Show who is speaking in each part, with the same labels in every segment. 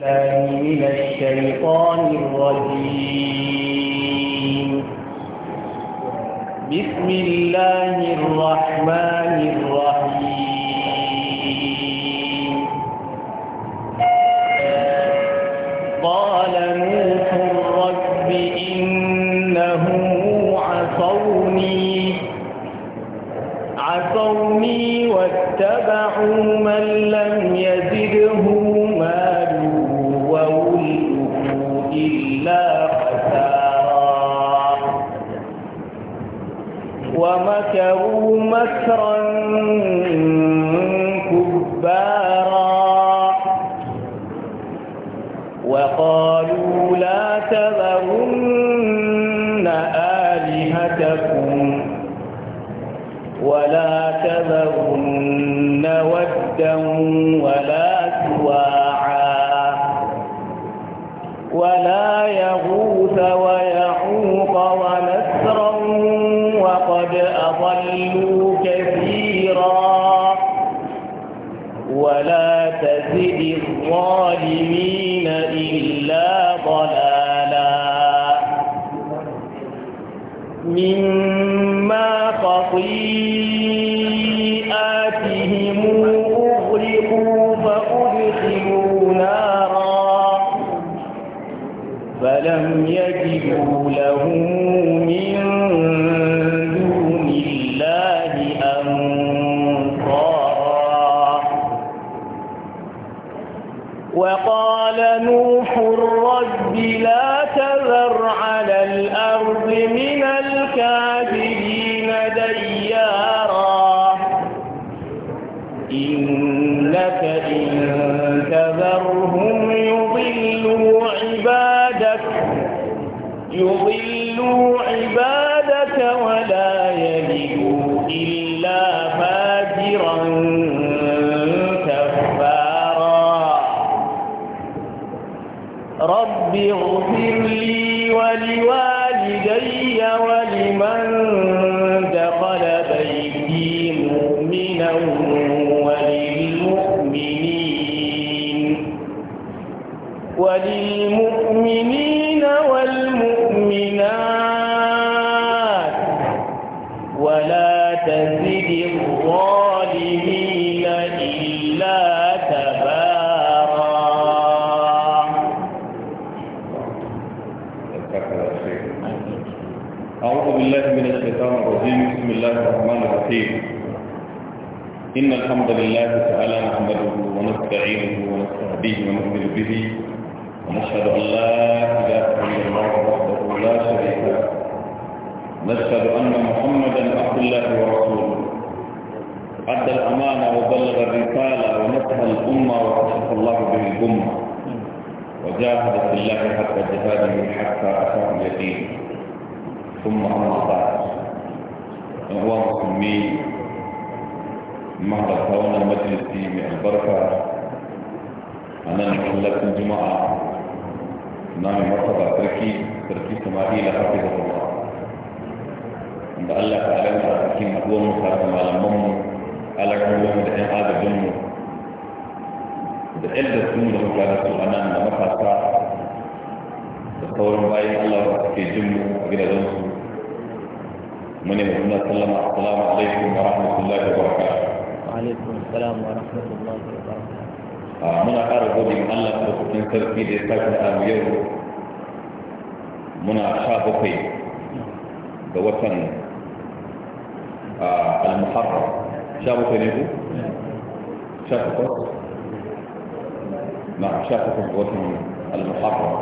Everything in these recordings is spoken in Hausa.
Speaker 1: من الشيطان الرجيم بسم الله الرحمن الرحيم قال نوح رب إنه عصوني عصوني واتبعوا من عبادك يضلوا عبادك ولا يلدوا إلا فاجرا كفارا رب اغفر لي ولوالدي و
Speaker 2: الحمد لله تعالى نحمده ونستعينه ونستهديه ونؤمن به ونشهد أن لا إله إلا الله وحده لا شريك له نشهد أن محمدا عبد الله ورسوله أدى الأمانة وبلغ الرسالة ونصح الأمة وكشف الله به الأمة وجاهد في الله حتى جهاده حتى أتاه اليقين ثم أما بعد اخوان المسلمين البركة أنا لكم جماعة نام مرتبة تركي تركي سماهي لحفظ الله عند الله تعالى تركي مقوم خاتم على ممو على قوم دعين هذا جمو دعين دسون لك أنا أنا مخاصة تصور باي الله في جمو أجل جمسو
Speaker 3: من يقول الله صلى ورحمة الله وبركاته
Speaker 4: عليكم السلام ورحمة الله وبركاته آه، من أعرف أن الله سبحانه
Speaker 2: تركي دي تاكنا أميره من أعرف أخي بوطن المحرر شابه تريده شابه تريده نعم شابه بوطن المحرر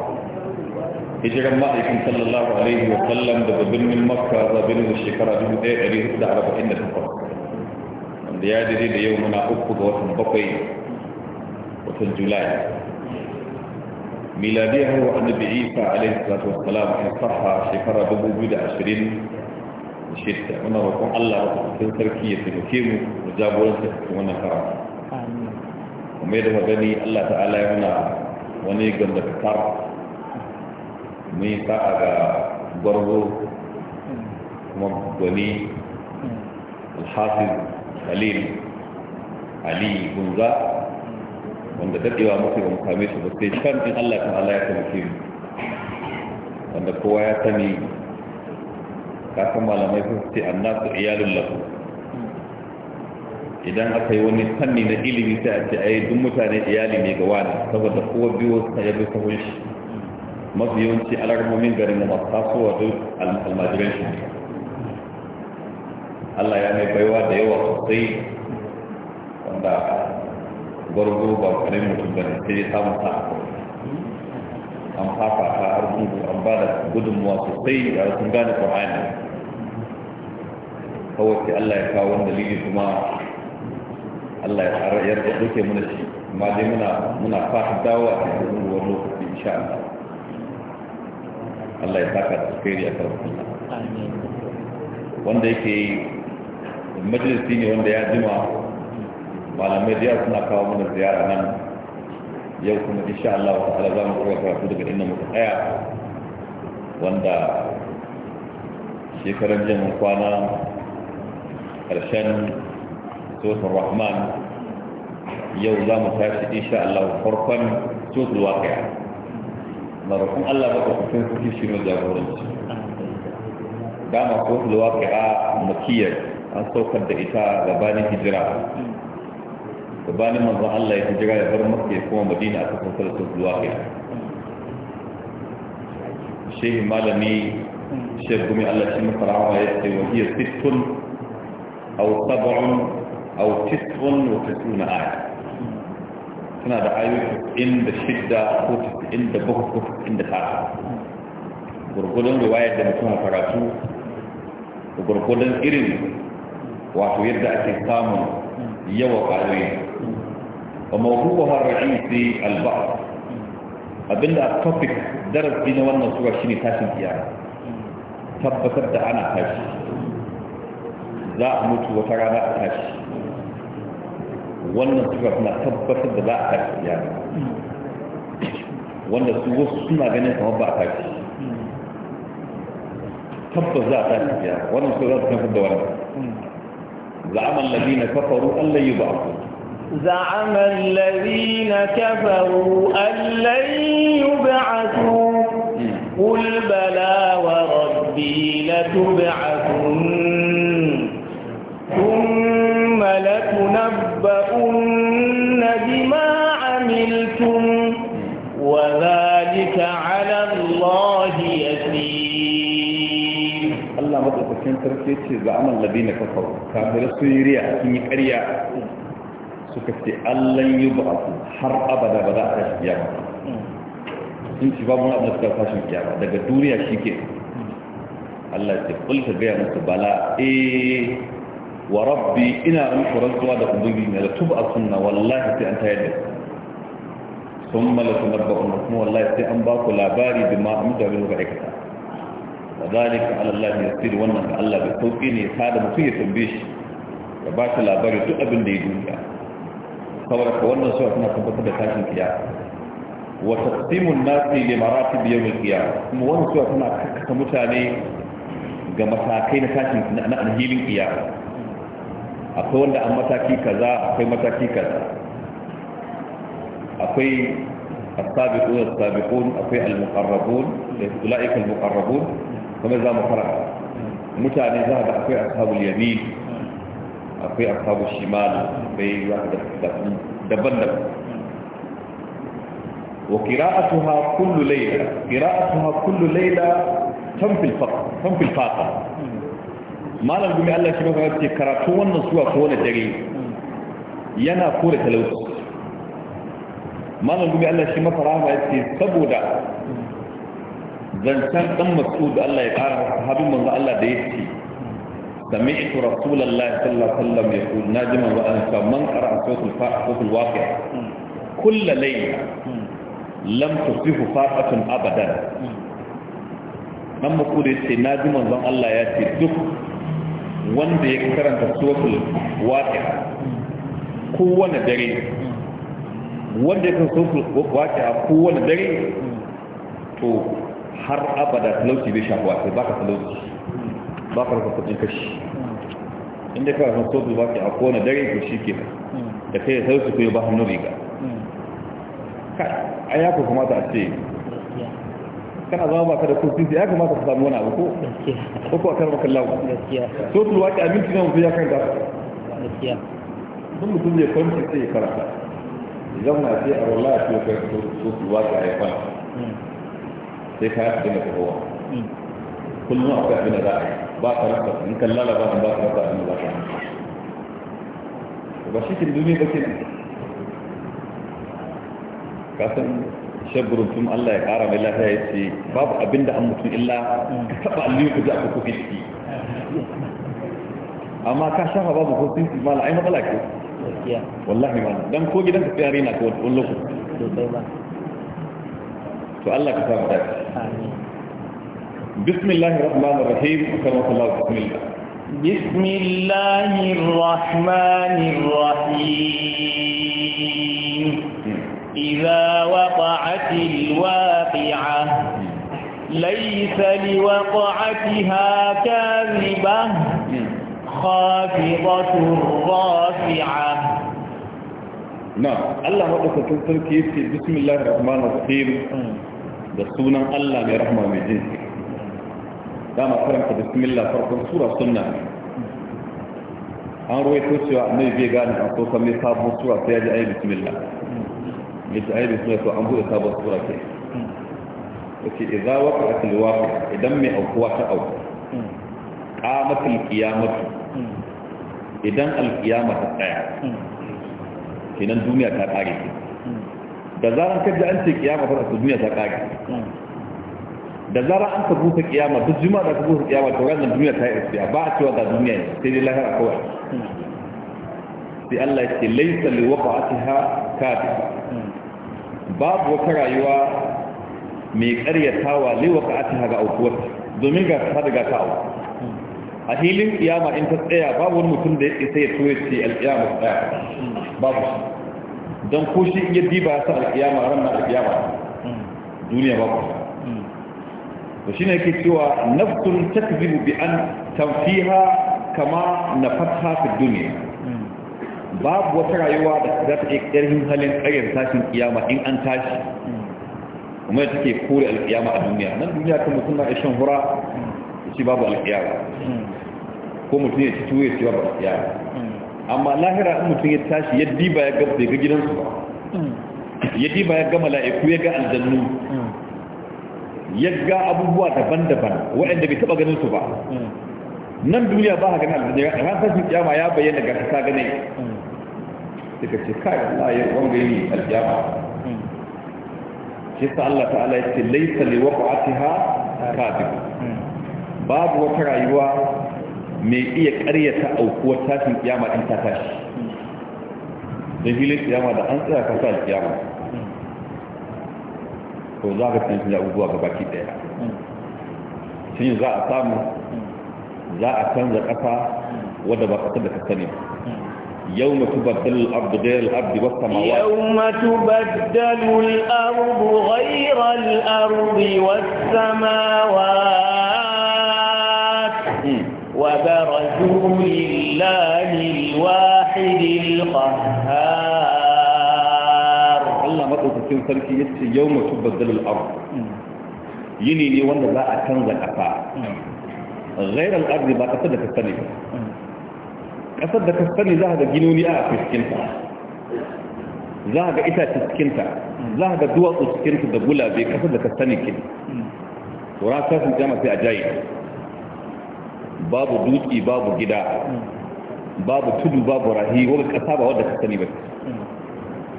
Speaker 4: هجر المعيك صلى الله عليه وسلم دبن
Speaker 2: من مكة دبن من الشكرة دبن من الشكرة دبن من الشكرة دبن من الشكرة دبن من من من من من من من من من من من من من الشكرة wanda ya dare da yau muna uku ga watan bakwai watan julai miladiyar hawa annabi isa alaihi salatu wassalam ta saha shekara 2026 muna roƙon allah cikin sarki ya taimake mu da jagoranta cikin wannan karatu kuma yadda magani allah ta'ala ya muna wani gandakatar mai sa'a ga gwarzo kuma gwani الحافظ khalil ali gunza wanda dadewa mafi ba mu same ba sai can in Allah ta'ala ya taimake mu wanda kowa ya sani kasan malamai sun ce annasu iyalin lafu idan aka yi wani sanni na ilimi sai a ce a yi duk mutane iyali ne ga wani saboda kowa biyo sa ya bi sahun shi mafi yawanci alarmomin garin da masu tasowa duk almajiran shi ne Allah ya mai baiwa da yawa sosai wanda gwargo ba kare mutum ba ne sai ya samu sa an fafa ta har gudu an ba da gudunmuwa sosai da sun gane ƙwa'ani kawai sai Allah ya kawo wanda lili kuma Allah ya tsara da duke mana shi amma dai muna muna fata dawo a cikin wani lokaci insha Allah Allah ya saka da alkhairi a karfin wanda yake majalisi ne wanda ya jima malamai da yawa suna kawo mana ziyara nan yau kuma insha Allah wa ta'ala za mu kura karatu daga inda muka tsaya wanda shekaran jiya kwana ƙarshen sotar rahman yau za mu tashi insha Allah farkon sotar waƙaya na rukun Allah ba ka fitin kuki shi mai jagoranci dama sotar waƙaya makiyar an saukar da ita gabanin hijira gabanin manzon Allah ya hijira ya bar maka ya kuma madina a cikin sarrafa zuwa kai shehi malami shek gumi Allah shi masa rahama ya ce wa hiya sittun aw sab'un aw tis'un wa tis'una aya suna da ayoyi inda shidda ko inda bakwai ko inda tara gurgudun riwayar da mutum karatu gurgudun irin wato yadda ake samun yawa ƙwayoyi wa mawdu'uha ra'isi al-ba'd abinda topic darasi na wannan sura shine tashin kiyama tabbatar da ana tashi za a mutu wata rana a tashi wannan sura tana tabbatar da za a tashi kiyama wanda su wasu suna ganin kamar ba a tashi tabbas za a tashi kiyama wannan sura za ta tabbatar da wannan زعم الذين كفروا أن لن يبعثوا
Speaker 1: زعم الذين كفروا أن لن يبعثوا قل بلى وربي لتبعثن ثم لتنبؤن
Speaker 2: madaukakin sarki ce za amal ladina kafaru kafirai sun yi riya sun yi ƙarya suka ce allan yi ba su har abada ba za a tashi kiyama sun ci babu abin da suka tashi kiyama daga duniya shi ke Allah ce kul ka gaya musu bala eh wa rabbi ina an kurantuwa da ubangiji na da tuba a sunna wallahi sai an tayar da sun malaka nabba'un kuma wallahi sai an ba ku labari bima amda bil ga aikata وذلك على الله يسير وانا الله بتوقيني هذا مفيه تنبيش وبعث الأبار يتقب اللي يدوني فورك وانا سوى اتنا كنت بتاك القيامة وتقسيم الناس لمراتب يوم القيامة وانا سوى اتنا كتمتاني كما تاكينا تاك نهي للقيامة أقول لأن متاكي كذا أقول متاكي كذا أقول السابقون السابقون أقول المقربون أولئك المقربون kuma za mu fara mutane za ga akwai ashabul yamin akwai ashabul shimal bai za ka da daban-daban wa qira'atuha kullu layla qira'atuha kullu layla tamfil faqa tamfil faqa malam gumi Allah shi maka yace karatu wannan suwa ko wani dare yana kore talauci malam gumi Allah shi maka rahama yace saboda zancen ɗan masu da Allah ya ƙara sahabin manzo Allah da ya ce سمعت رسول الله صلى الله عليه وسلم يقول ناجما وأنت من قرأ صوت صوت الواقع كل ليلة لم تصبح فاقة abadan nan mako da ce na ji manzon Allah ya ce duk wanda ya karanta suratul waqi'a kowane dare wanda ya karanta suratul waqi'a kowane dare to har abada talauci bai shafuwa sai baka talauci baka rasa kudin kashi inda kawai sun so ba ke a kowane dare ko shi ke da kai da su koyo ba ba hannun riga a ya ku kamata a ce kana zama baka da kursi sai ya kamata ka samu wani abu ko ko ko akar maka lawo so tulwa ke aminci na mutum ya kan gasa duk mutum ya kwanci sai ya karanta zama na ce a wallahi ya kai so tulwa ke a ya fara. sai ka yi dinga tafowa kullum akwai abin da za a yi ba ka rasa in kan lalaba an ba ka rasa abin da za ka yi ba shi kin duniya ba ke nan ka san shagurin tun Allah ya kara mai lafiya ya ce babu abin da an mutum illa ka taɓa aliyu ka ji aka kuka ciki amma ka shafa babu ko sun fi mala ai matsala ke wallahi ma dan ko gidan ka tsayari na ko wani lokaci to Allah ka samu dace بسم الله الرحمن الرحيم صلى الله بسم الله
Speaker 1: بسم الله الرحمن الرحيم إذا وقعت الواقعة ليس لوقعتها كاذبة خافضة رافعة
Speaker 2: نعم الله وقفت تلك بسم الله الرحمن الرحيم da sunan Allah mai rahama mai jin dama karanta bismillah farkon sura sunna an rawaito cewa annabi bai gane an so kan mai sabon sura sai ya ji ayi bismillah ya ji ayi bismillah to an bude sabon sura ke yace idza waqa'at alwaqi idan mai aukuwa ta auku qamat alqiyamah idan alqiyama ta tsaya hmm. kenan duniya ta kare da zaran kaji an ce kiyama fara su duniya ta kage da zaran an ka ta kiyama duk juma'a da ka ta kiyama to ranar duniya ta yi tsaya ba a cewa ga duniya ne sai dai lahira kawai sai Allah ya ce laisa li waqa'atiha kadiba babu wata rayuwa mai karyatawa li waqa'atiha ga aukuwarta domin ga ta daga ta auku a hilin kiyama in ta tsaya babu wani mutum da ya sai ya tuwe ce alkiyama tsaya babu don ko shi in yadda ba sa alkiyama ran na alkiyama duniya ba ku to shine yake cewa naftun takzibu bi an tanfiha kama nafatha fi dunya babu wata rayuwa da za ta iya ƙarfin halin ƙaryar tashin kiyama in an tashi kuma ya take kore alkiyama a duniya nan duniya ta mutum na shan hura da shi babu alkiyama ko mutum ya ci tuwo ya ci babu alkiyama amma lahira in mutum ya tashi ya diba ya gaba ga gidansu ba mm. ya diba ya gama la'iku ya ga aljannu mm. ya ga abubuwa daban-daban waɗanda bai taɓa ganin su ba mm. nan duniya ba ha ganin aljannu ya ran tashin kiyama ya bayyana ga kasa gane suka ce kai Allah ya wanga yi aljama shi sa Allah ta'ala ya ce laisa li waqatiha kadhib babu wata rayuwa mai iya karyata aukuwar tashin kiyama in ta tashi da filin kiyama da an tsaya kasa da kiyama ko za ka canjin abubuwa ga baki daya shi za a samu za a canza kasa wadda ba kasar da ka sani ba يوم تبدل الأرض غير الأرض والسماوات يوم
Speaker 1: تبدل الأرض غير الأرض والسماوات وبرزوا لله الواحد
Speaker 2: القهار الله ما قلت في سنتي يتي يوم تبدل الأرض يني لي وانا لا أتنزل أفا غير الأرض ما تصدق لك السنة تصدق لك السنة ذهب جنوني أعفي آه سكنتا ذهب إتا تسكنتا ذهب دوا تسكنتا دبولا بي قصد لك السنة كده وراء ساسم جامع في أجايب babu duki, babu gida babu tudu babu rahi wani kasa ba wadda ka sani ba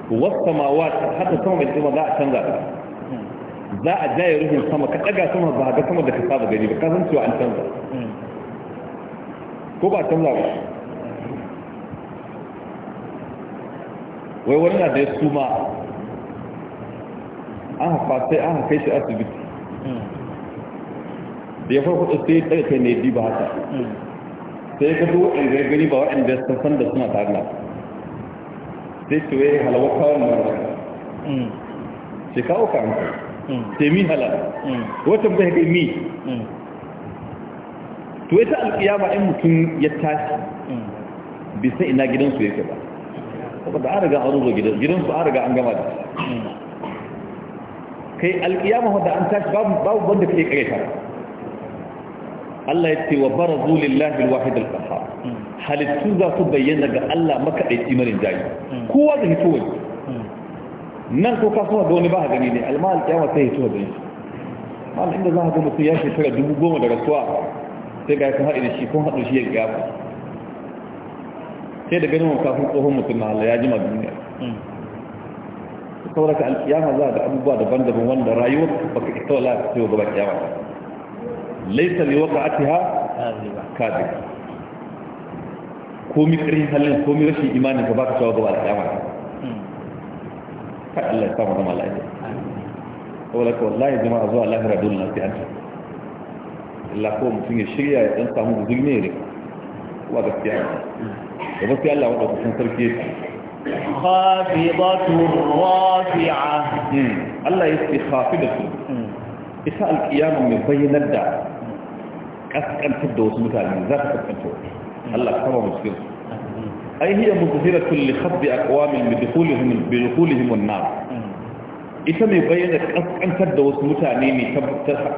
Speaker 2: wasu mawa haka sama mai sama za a canza ta za a jaye ruhin sama ka daga sama ba ga sama da ka saba gani ba ka san cewa an canza ko ba canza ba wai wani na da ya suma an hafa sai an hafa shi asibiti da ya farko sai ya tsaye kai ne ba haka sai ka zo in ya gani ba da ya san da suna tare na sai ce wai halawa kawon mara mm. sai kawo ka an mm. sai mi hala mm. wata bai kai mi to ita alƙiyama in mutum ya
Speaker 4: tashi
Speaker 2: bisa ina gidansu yake ba saboda an riga an rubo gidansu an riga an gama da kai alƙiyama wadda an tashi babu wanda kai ƙareta Allah ya ce wa barazu lillahi alwahid alqahhar halittu za su bayyana ga Allah makadaici marin jayi kowa da hito wani nan ko ka so ga wani ba gani ne almal kiyama sai hito da shi mal inda za ka ga mutum ya shekara dubu goma da rasuwa sai ga ka haɗu da shi kun haɗu shi ya gafa sai da ganin kafin tsohon mutum na Allah ya jima duniya sauraka alkiyama za ga abubuwa daban-daban wanda rayuwar baka ita wala ta ce wa gaba kiyama laisa ne waka ake ha kafin komi ƙarin halin komi rashin imanin ka baka shawa gaba da kyamar hmm. ka Allah ya samu zama lafiya saboda ka wallahi jama'a zuwa lahira dole na sai an ta Allah ko mutum ya shirya ya dan samu guzuri ne ne kuma gaskiya da ba gaskiya Allah wadda kusan sarki yake ya rafi'a hmm. Allah da su. Hmm. ita alƙiyama mai bayyanar da أسكن في الدوس مثالين ذات كنتور هلا طبعا مشكلة أي هي مظهرة لخب أقوام بدخولهم بدخولهم النار إذا ما يبين أسكن في الدوس مثالين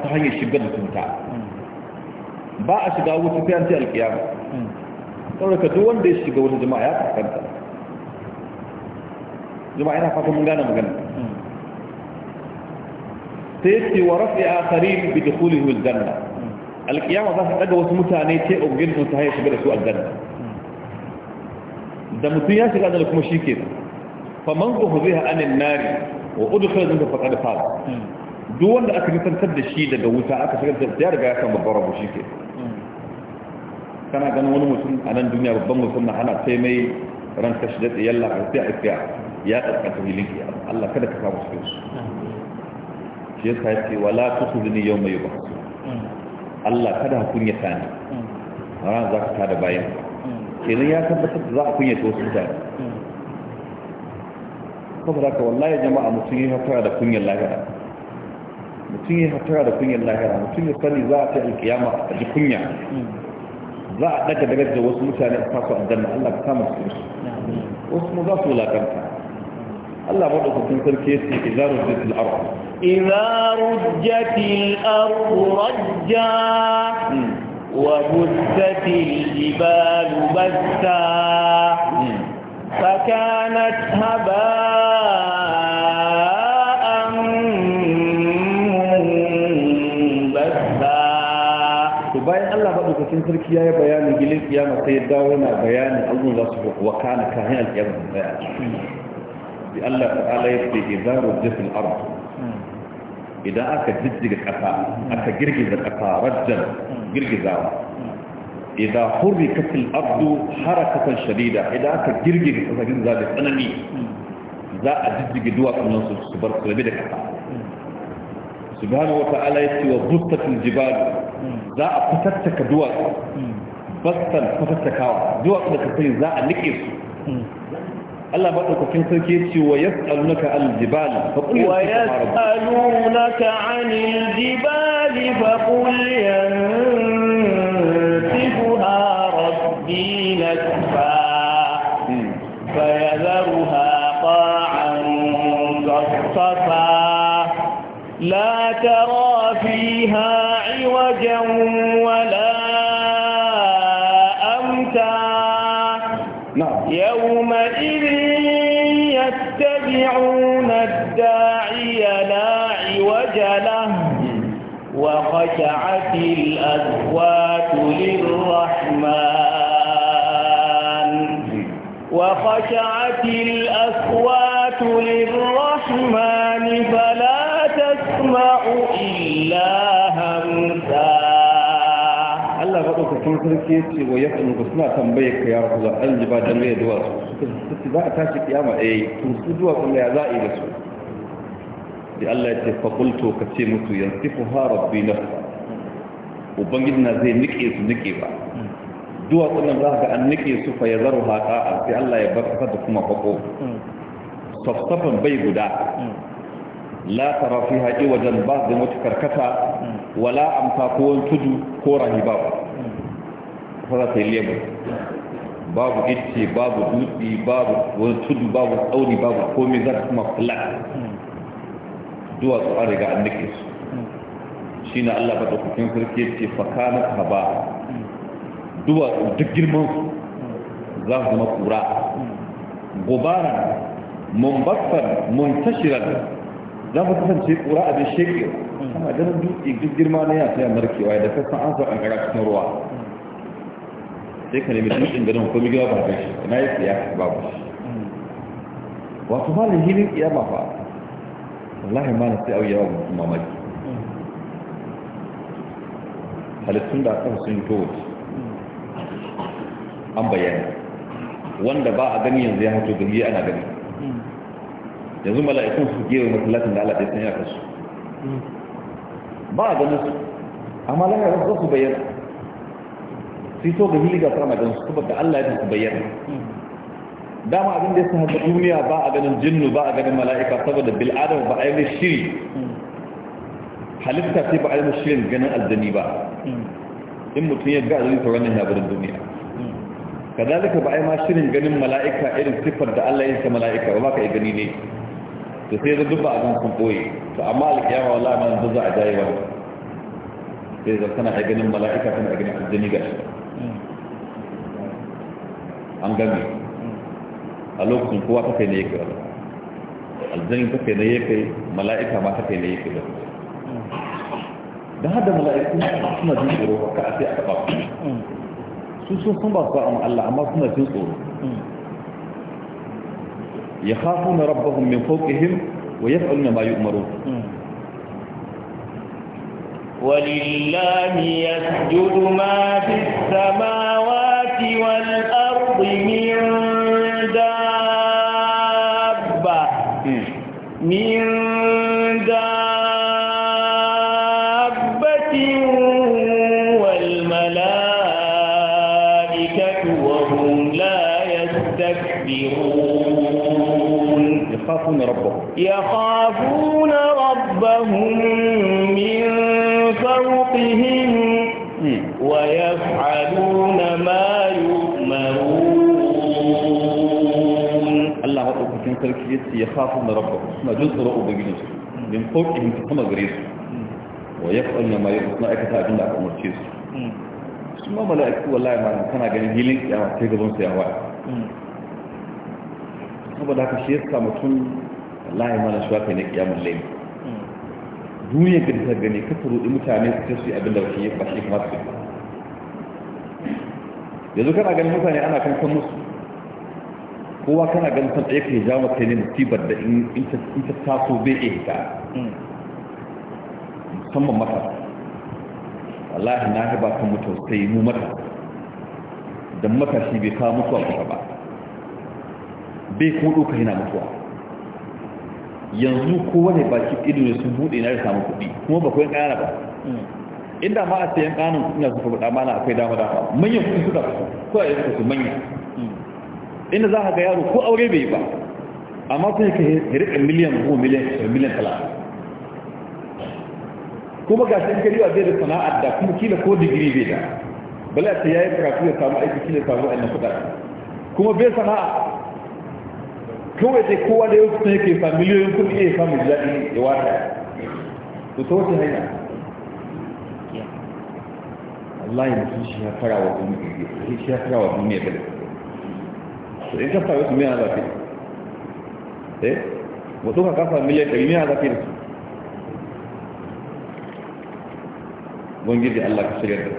Speaker 2: تهني شبه مثال باء شجاوة في أنت القيامة ولا كدوان ديش شجاوة الجماعة كنت جماعة فاكم مجانا مجانا تيسي ورفع آخرين بدخولهم الجنة القيامة ذات أجوة متاني تي أبقين متهاية شبرة سوء الجنة ده متهاية شبرة أنا لكم شيكين فمن قفضيها أن النار وأدخل ذنك فقد فاض دون أكريتا تبدا شيدا دوتا أكا شكرا تبدار غاية ما ضرب شيكين كان أجان ونمسن أنا الدنيا ربما وصلنا حنا تيمي ران كشدت يلا عرتيع إتكاع يا أتكاته لكي الله كده كفا مشكلش شيئت حياتي ولا تخذني يوم يبحثون Allah kada ka kunyata ni ran za ka tada bayan kenan ya tabbatar da za a kunyata wasu mutane saboda ka wallahi jama'a mutum ya hatara da kunyar lahira mutum ya hatara da kunyar lahira mutum ya sani za a ta kiyama a ji kunya za a daga daga da wasu mutane a kasu a danna Allah ka kama su wasu mu za su wulakanta Allah maɗaukakin sarki ce idza rujjat al-ard
Speaker 1: idza rujjat al-ard rajja wa bussat al-jibal bassa فكانت هباء
Speaker 2: منبثا bayan Allah maɗaukakin sarki ya yi bayanin gilin kiyama sai ya dawo yana bayanin abubuwan za su wa kana kayan alƙiyar da Allah ta'ala ya ce idza rujjatil ard idan aka jijjiga kasa aka girgiza kasa rajjan girgizawa idan hurrikatil ardu harakatan shadida idan aka girgiza kasa girgiza da tsanani za a jijjiga duwatsun nan su bar su rabe da kasa subhanahu wata ta'ala ya ce wa bustatil jibal za a fatattaka duwatsu bastan fatattakawa duwatsu da kasai za a nike su Allah maɗaukakin sarki ce wa yas'alunaka al-jibal fa qul
Speaker 1: yas'alunaka 'anil jibal fa qul yansifuha rabbi nasfa fayadharuha qa'an qasfa la tara fiha 'iwajan wala amta يومئذ وخشعت الأزوات للرحمن وخشعت الأزوات للرحمن فلا تسمع إلا همسا
Speaker 2: الله قد أتكلم لك ويقوم بسماء تنبيك يا رب الله أنجبا جميع دواء تتباع تاشي قيامة أي تنسدوا كل أعزائي رسول sai Allah ya ce faƙulto ka ce musu yanzu ku ha rabbi na ubangiji na zai nike su nike ba duwatsun nan za ka an nike su fa ya zaro haƙa a sai Allah ya bar kasa da kuma faƙo safsafan bai guda la tara fi haƙi wajen ba da mutu karkata wala amsa ko wani tudu ko rahiba ba za ta yi lemu babu itce babu dutse babu wani tudu babu tsauni babu komai za ta kuma flat duwatsu an riga an nake
Speaker 4: su
Speaker 2: shi na Allah ba ɗaukakin sarki ce fakanar haba duwatsu duk girman su za su zama kura gobara mumbaffar muntashirar za mu kasance kura abin shekewa sama ganin dutse duk girma na yana sai narkewa da kasan an sa kankara cikin ruwa sai ka nemi dutsen ganin ko migawa ba kai shi na yi siya babu shi wato malin hilin kiyama ba wallahi ma na sai auya wa mutum mamaki halittun da aka sun to wuce an bayyana wanda ba a gani yanzu ya hato gani ana gani yanzu mala'ikun su gewa latin da ala Allah ya sanya kasu ba a ganin su amma lahira za su bayyana sai to gani ga fara magana su kuma da Allah ya su bayyana dama abin da ya sahabi duniya ba a ganin jinnu ba a ganin mala'ika saboda bil'adam ba a yi shiri halitta sai ba a yi shirin ganin aljani ba in mutum ya ga aljani ta wannan yabarin duniya Ka kazalika ba a yi ma shirin ganin mala'ika irin siffar da Allah ya ta mala'ika ba ka yi gani ne da sai da duba abin kun koyi to amma alkiyama wala ma yanzu za a jaye ba sai da kana a ganin mala'ika kana a ganin aljani gashi an gami a lokacin kowa ta kai na yake rasu aljanin ta kai na yake mala'ika ma ta kai na yake rasu da hada mala'iku suna jin tsoro ka a sai a taɓa su sun sun ba su ba Allah amma suna jin tsoro ya hafu na rabbahun min fauƙihim wa ya fa'aluna ma yi umaru
Speaker 1: ولله يسجد ما في السماوات والأرض من يخافون ربهم من فوقهم
Speaker 2: ويفعلون ما يؤمرون الله أكبر تركيز يخافون ربهم ما جزء رؤوا بجنس من فوقهم كما قريس ويفعلون ما يؤمرون أكتا أجل لك أمر شيء ثم ملائكة والله ما كان أجل هيلين يا تيغبون سيهوات saboda haka shi yasa mutum wallahi mana shi waka ne kiyamun laili duniya ga ta gani ka da mutane su ta su yi abin da wasu yi ba shi kamata su yanzu kana ganin mutane ana kan kan musu kowa kana ganin san ɗaya ka yi jawo kai ne musibar da in ta taso bai iya hita musamman mata wallahi na ba kan mutum sai mu mata mata matashi bai kawo mutuwa kuka ba bai ko ɗauka yana mutuwa yanzu ko ba baki ido ne sun buɗe na da samun kuɗi kuma ba kuwa ƙana ba inda ma a sayan ƙanan kuɗi na suka faɗa mana akwai dama dama manyan kuɗi suka kusa ko a yanzu su manya inda za ka ga yaro ko aure bai ba amma sun yi ka hirɗa miliyan ko miliyan miliyan talatin kuma ga shi kariwa zai da sana'a da kuma kila ko digiri bai da bala ta yayi karatu ya samu aiki kila samu ainihin kuɗa kuma bai sana'a kawai sai kowa da yau sun yake fa miliyoyin kuɗi ne fa mai daɗi ya wata to ta wata hanya
Speaker 4: Allah ya mutum shi ya
Speaker 2: fara wa duniya shi ya fara wa duniya da to in ka fara wasu miliyan zafi eh wasu ka kafa miliyan ɗari miliyan zafi da su bangiji Allah ka shirya da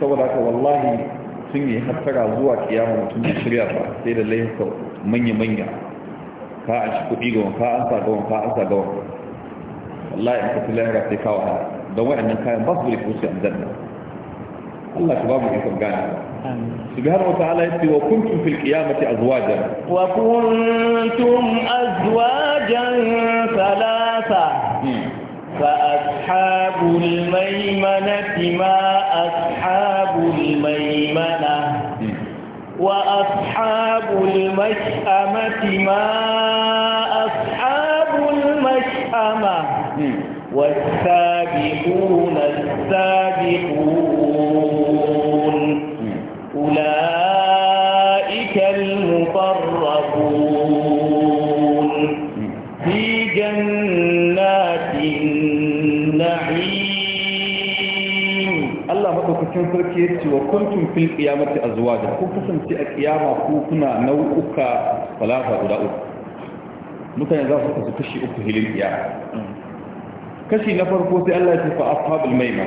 Speaker 2: saboda ka wallahi sun yi hattara zuwa kiyama mutum da shirya ba sai da laifin manya-manya ka a ci kuɗi ga ka an sa ga ka an sa ga wanka wallahi in ka fi lahira sai kawo ha don waɗannan kayan ba su da kusa an zanna Allah ta ba mu ikon gane سبحانه وتعالى يقول وكنتم في القيامة أزواجا
Speaker 1: وكنتم أزواجا ثلاثة فأصحاب الميمنة ما أصحاب الميمنة وأصحاب المشأمة ما أصحاب المشأمة والسابقون السابقون أولئك المقربون
Speaker 2: madaukakin sarki ya ce wa kuntum fil qiyamati ku kasance a kiyama ku kuna nau'uka salasa guda uku mutane za su kasu kashi uku hilin kashi na farko sai Allah ya tafi ashabul maima.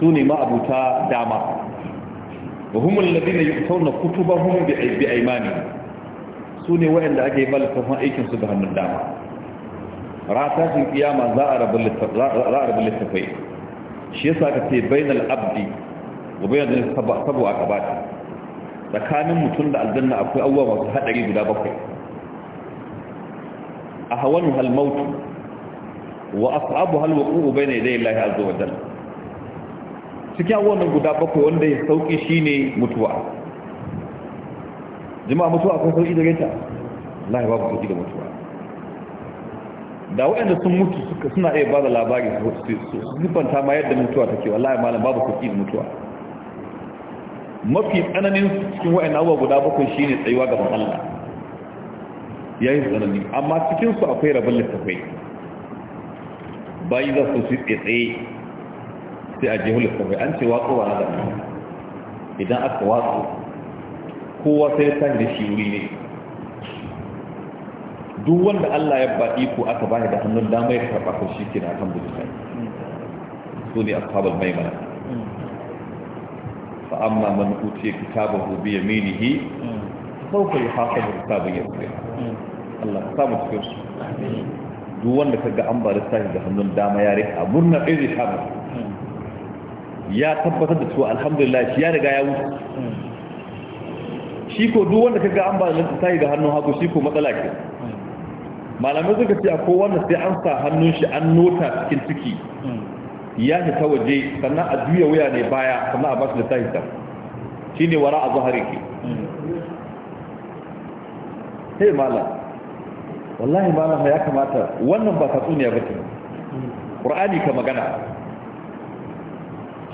Speaker 2: su ne ma dama wa humul ladina yu'tawna kutubahum bi aymani su ne wayanda ake ba littafin aikin su da hannun dama ra tashin kiyama za a rabu littafai shi yasa ka ce bainal abdi wa bainal jannati sabu aqabati tsakanin mutum da aljanna akwai abubuwa masu hadari guda bakwai a hal halmautu, wa as'abu hal wuqu'u baina yaday Allah azza wa jalla cikin wannan guda bakwai wanda ya sauki shine mutuwa jama'a mutuwa akwai sauki da gaita Allah ya babu sauki da mutuwa da waɗanda sun mutu suna iya ba da labari su siffanta ma yadda mutuwa take wallahi malam babu kuɗi da mutuwa mafi tsananin cikin waɗanda abubuwa guda bakwai shi ne tsayuwa gaban Allah ya yi tsanani amma cikinsu akwai rabin littafai bayi za su su tsaye sai a jihun littafai an ce watsowa na zama idan aka watsu kowa sai ta da shi wuri ne duk wanda Allah ya ba iko aka ba da hannun dama ya karɓa ko shi ke na alhamdulillah su ne ashabal maimana fa amma man utiya kitabahu bi yaminihi sawfa yuhasabu ya yasira Allah ka samu cikin su duk wanda kaga an ba lissafi da hannun dama ya rika murna ɗaya zai ya tabbatar da cewa alhamdulillah shi ya riga ya wuce shi ko duk wanda kaga an ba lissafi da hannun hagu shi ko matsala ke malamai suka ce akwai wanda sai an sa hannun shi an nota cikin ciki ya shi ta waje sannan a juya wuya ne baya sannan a basu lissafi ta shi ne wara a zahari ke hey malam wallahi malam ya kamata wannan ba tatsuniya ba ce ƙur'ani ka magana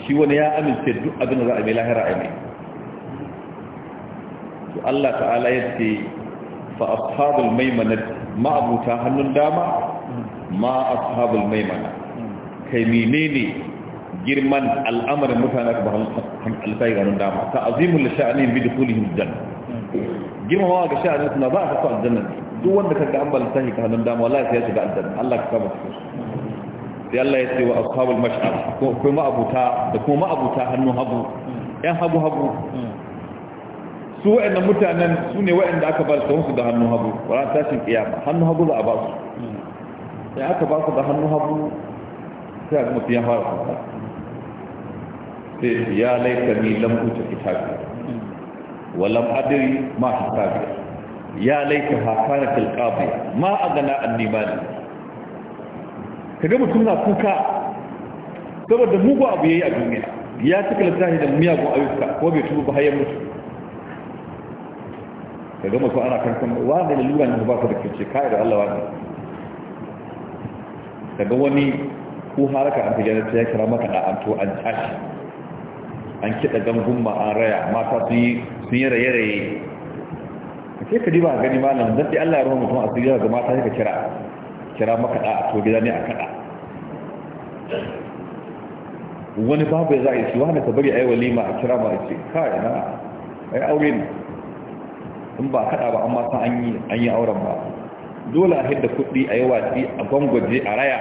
Speaker 2: shi wani ya amince duk abin da za a mai lahira a mai Allah ta'ala ya ce fa ashabul maimanati ma'abuta hannun dama ma ashabul maimana kai menene girman al'amarin mutane ba ka alfai ganin dama ta azimul sha'ani bi dukulihim janna wa ga sha'ani suna ba a kasu aljanna duk wanda ka ga an balta ka hannun dama wallahi sai ya shiga aljanna Allah ka kama su
Speaker 4: sai
Speaker 2: Allah ya ce wa ashabul mash'ar ko kuma abuta da kuma abuta hannun hagu yan hagu hagu su wa'annan mutanen su ne wa'anda aka ba su da hannu hagu a tashin kiyama Hannu hagu za a ba su sai aka ba su da hannu hagu sai a kuma ya fara kuma sai ya laika ni lam uta kitabi wa lam adri ma kitabi. ya laika ha kana tilqabi ma a gana anni ka kaga mutum na kuka saboda mugu abu ya yi a duniya ya cika littafi da miyagun ayyuka ko bai tuba ba mutum mutu ka gama ko ana kan kan wa da lura ne ba ka da kace kai da Allah wani daga wani ko haraka an tijara ta ya kira maka da an to an tashi an kiɗa gangun ma an raya mata sun yi sun yi raye raye sai ka diba gani malam dan sai Allah ya rahama mutum a tijara ga mata sai ka kira kira maka da a to gida ne a kada wani babu ya za a yi shi wani ka bari a yi walima a kira ma a ce kai na ai aure ne in ba kada ba amma san an yi an yi auren ba dole a hidda kuɗi a yi wasi a gwangwaje a raya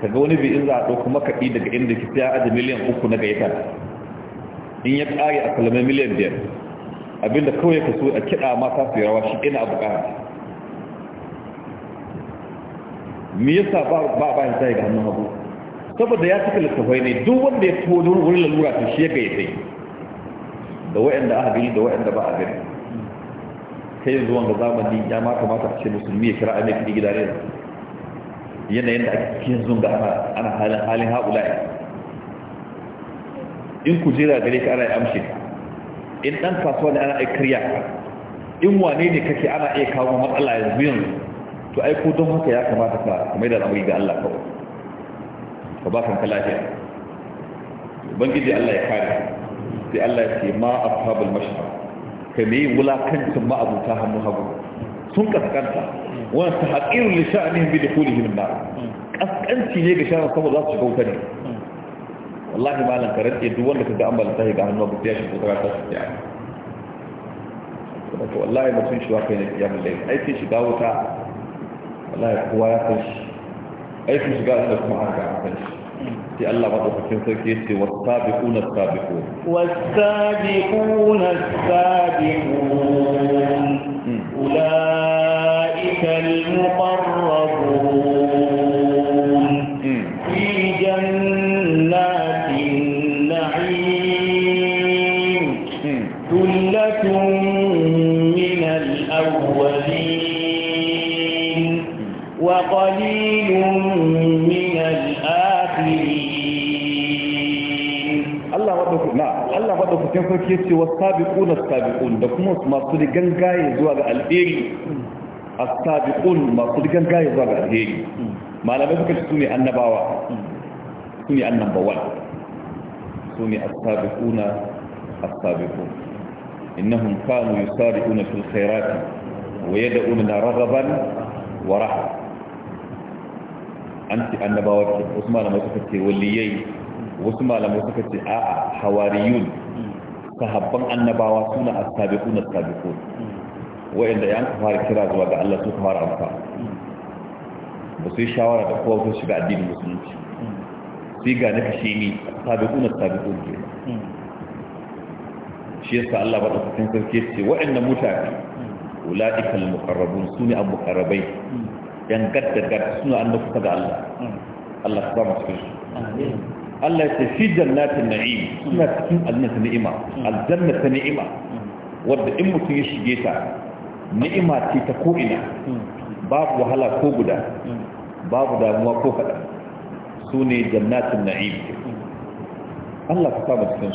Speaker 2: kaga wani bi in za a ɗauki makaɗi daga inda ki sai aji miliyan uku na gaita in ya ƙare a kalamai miliyan biyar abinda kawai ka so a kiɗa mata su rawa shi ina abu ƙara mi yasa ba ba ba ya ga hannun hagu saboda ya cika littafai ne duk wanda ya taho wurin lalura ta shi ya gaita da waɗanda aka gani da waɗanda ba a gani kai yanzu wanga zamani ya makamata kamata a ce musulmi ya kira amai kudi gida ne yanayin da ake cikin zun da ana halin halin haƙula'i in ku jira gare ka ana yi amshi in ɗan kasuwa ne ana yi kariya. in wane ne kake ana iya kawo matsala ya yanzu to ai ko don haka ya kamata ka mai da al'amari ga Allah kawai ka ba kanka lafiya ubangiji Allah ya kare sai Allah ya ce ma ashabul mashhad kai mai wulakancin ma'abuta hannu hagu sun kaskanta wani ta haƙirin lisha'anin bi da kulihin ba kaskanci ne ga sha'ar saboda za su shiga wuta ne wallahi malam ka rantse duk wanda ka ga ambala ta ga hannu abuta ya shiga wuta ta su ya saboda wallahi mutum sun wa kai ne ya mulai aikin shiga wuta wallahi kowa ya san shi aikin shiga wuta kuma an ga an san shi في الله مدوكين سيكي والسابقون السابقون
Speaker 1: والسابقون السابقون أولئك
Speaker 2: sarki yace wasabiquna sabiqun da kuma masu rigan zuwa ga alheri as-sabiqun masu rigan zuwa ga alheri malamai suka ce sune annabawa sune annabawan sune as-sabiquna as-sabiqun innahum kanu yusabiquna fil khairati wa yad'una raghaban wa rahma anti annabawa ke wasu suka ce waliyai wasu malamai suka ce a'a hawariyun sahabban annabawa suna as-sabiqun as-sabiqun wa'anda yan fara kira zuwa ga Allah su fara amfa ba su yi shawara da kowa ko shiga addinin musulunci sai ga naka shi ne as-sabiqun as-sabiqun ke shi yasa Allah ba ta sarki ce wa'anda mutane ulaika al-muqarrabun sune al-muqarrabai yan gadda gadda suna annabawa ga Allah mm. Allah ta ba mu cikin amin Allah ya ce fi jannatin na'im suna cikin aljanna ni'ima aljannatin ni'ima wadda in mutum ya shige ta ni'ima ce ta ko'ina babu wahala ko guda babu damuwa ko kaɗa su ne jannatin na'im Allah ka saba su